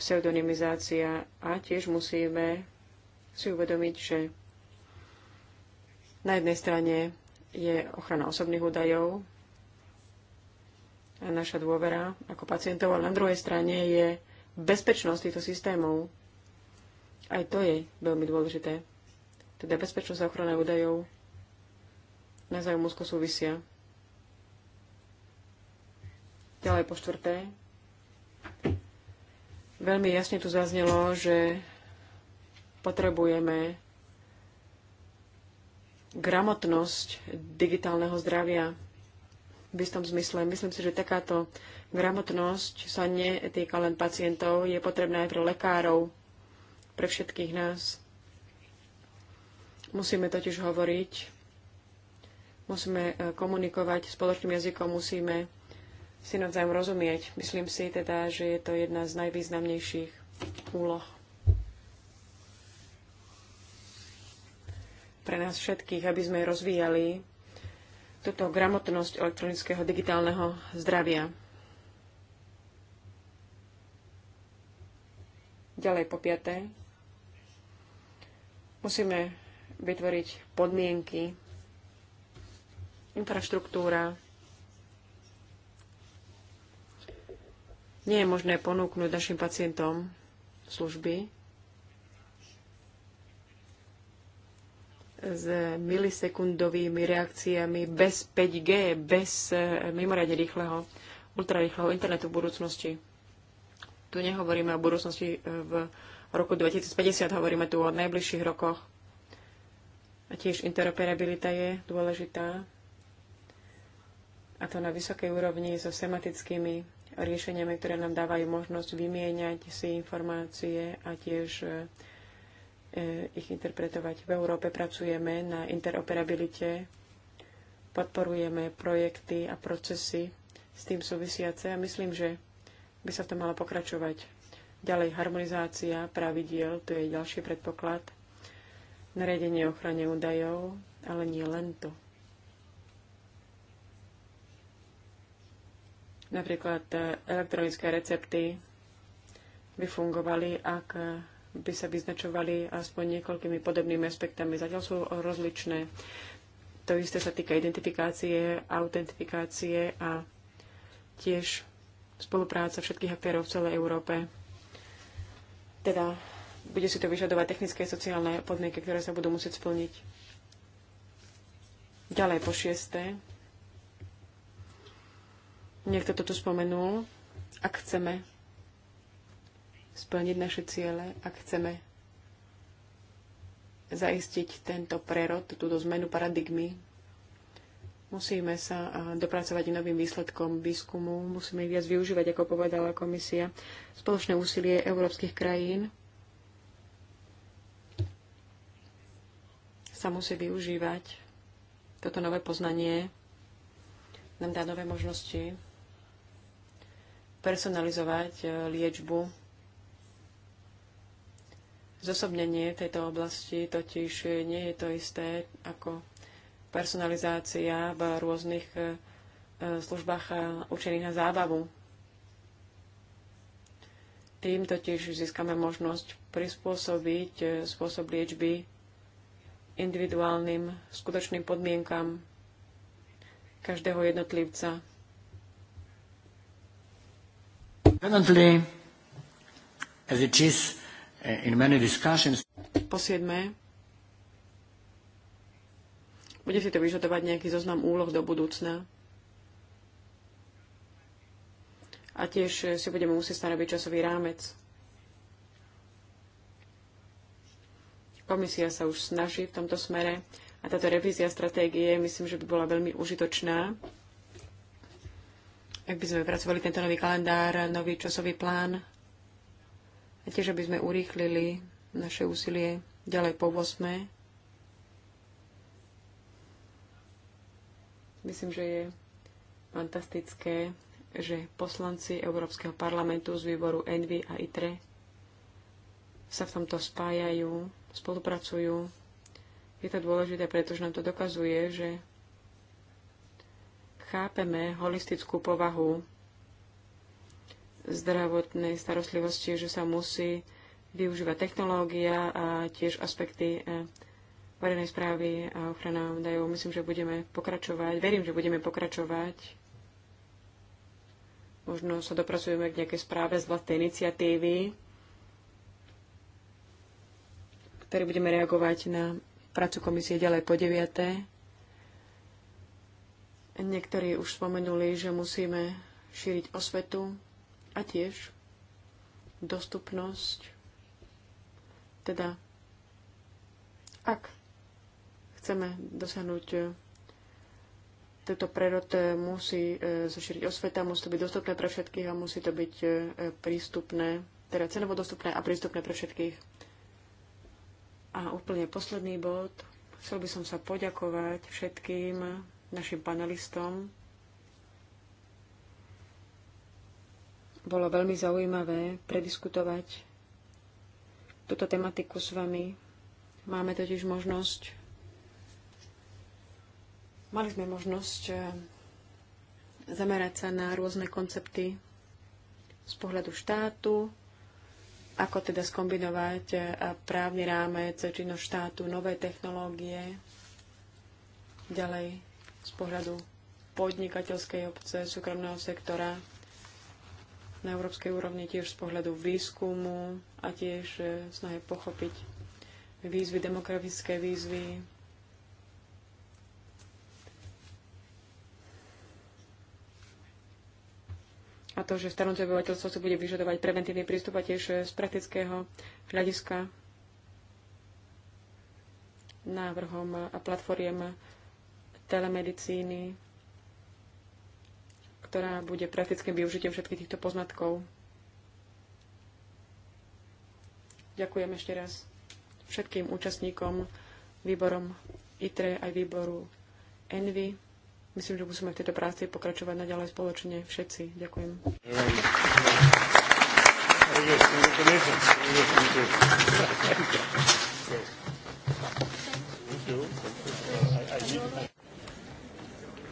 pseudonymizácia a tiež musíme si uvedomiť, že na jednej strane je ochrana osobných údajov a naša dôvera ako pacientov, ale na druhej strane je bezpečnosť týchto systémov. Aj to je veľmi dôležité. Teda bezpečnosť a ochrana údajov navzájom úzko súvisia. Ďalej po štvrté. Veľmi jasne tu zaznelo, že potrebujeme gramotnosť digitálneho zdravia. V istom zmysle myslím si, že takáto gramotnosť sa netýka len pacientov, je potrebná aj pre lekárov, pre všetkých nás. Musíme totiž hovoriť, musíme e, komunikovať spoločným jazykom, musíme si navzájom rozumieť. Myslím si teda, že je to jedna z najvýznamnejších úloh pre nás všetkých, aby sme rozvíjali túto gramotnosť elektronického digitálneho zdravia. Ďalej po piaté. Musíme vytvoriť podmienky, infraštruktúra. Nie je možné ponúknuť našim pacientom služby s milisekundovými reakciami bez 5G, bez eh, mimoriadne rýchleho, ultrarýchleho internetu v budúcnosti. Tu nehovoríme o budúcnosti eh, v roku 2050, hovoríme tu o najbližších rokoch. A tiež interoperabilita je dôležitá. A to na vysokej úrovni so sematickými riešeniami, ktoré nám dávajú možnosť vymieňať si informácie a tiež e, ich interpretovať. V Európe pracujeme na interoperabilite, podporujeme projekty a procesy s tým súvisiace a myslím, že by sa to malo pokračovať. Ďalej harmonizácia pravidiel, to je ďalší predpoklad nariadenie o ochrane údajov, ale nie len to. Napríklad e, elektronické recepty by fungovali, ak by sa vyznačovali aspoň niekoľkými podobnými aspektami. Zatiaľ sú rozličné. To isté sa týka identifikácie, autentifikácie a tiež spolupráca všetkých aktérov v celej Európe. Teda bude si to vyžadovať technické a sociálne podmienky, ktoré sa budú musieť splniť. Ďalej po šiesté. Niekto to tu spomenul. Ak chceme splniť naše ciele, ak chceme zaistiť tento prerod, túto zmenu paradigmy, musíme sa dopracovať novým výsledkom výskumu, musíme viac využívať, ako povedala komisia, spoločné úsilie európskych krajín sa musí využívať. Toto nové poznanie nám dá nové možnosti personalizovať e, liečbu. Zosobnenie tejto oblasti totiž nie je to isté ako personalizácia v rôznych e, službách e, určených na zábavu. Tým totiž získame možnosť prispôsobiť spôsob liečby individuálnym skutočným podmienkam každého jednotlivca. Currently, as it is eh, in many discussions, po siedme, bude si to vyžadovať nejaký zoznam úloh do budúcna. A tiež si budeme musieť stanoviť časový rámec. Komisia sa už snaží v tomto smere a táto revízia stratégie myslím, že by bola veľmi užitočná, ak by sme pracovali tento nový kalendár, nový časový plán a tiež, aby sme urýchlili naše úsilie ďalej po 8. Myslím, že je fantastické, že poslanci Európskeho parlamentu z výboru Envy a ITRE sa v tomto spájajú spolupracujú. Je to dôležité, pretože nám to dokazuje, že chápeme holistickú povahu zdravotnej starostlivosti, že sa musí využívať technológia a tiež aspekty eh, verejnej správy a ochrana údajov. Myslím, že budeme pokračovať, verím, že budeme pokračovať. Možno sa dopracujeme k nejakej správe z vlastnej iniciatívy ktorý budeme reagovať na prácu komisie ďalej po 9. Niektorí už spomenuli, že musíme šíriť osvetu a tiež dostupnosť. Teda, ak chceme dosiahnuť e, tento prerod e, musí e, sa šíriť osveta, musí to byť dostupné pre všetkých a musí to byť prístupné, teda cenovo dostupné a prístupné pre všetkých. A úplne posledný bod. Chcel by som sa poďakovať všetkým našim panelistom. Bolo veľmi zaujímavé prediskutovať túto tematiku s vami. Máme totiž možnosť Mali sme možnosť eh, zamerať sa na rôzne koncepty z pohľadu štátu, ako teda skombinovať e, právny rámec, činnosť štátu, nové technológie, ďalej z pohľadu podnikateľskej obce, súkromného sektora, na európskej úrovni tiež z pohľadu výskumu a tiež e, snahe pochopiť výzvy, demografické výzvy, a to, že starnúce obyvateľstvo si bude vyžadovať preventívny prístup a tiež e, z praktického hľadiska návrhom a platformiem telemedicíny, ktorá bude praktickým využitím všetkých týchto poznatkov. Ďakujem ešte raz všetkým účastníkom, výborom ITRE aj výboru ENVY. Myslím, že musíme v tejto práci pokračovať naďalej spoločne všetci. Ďakujem. Thank you.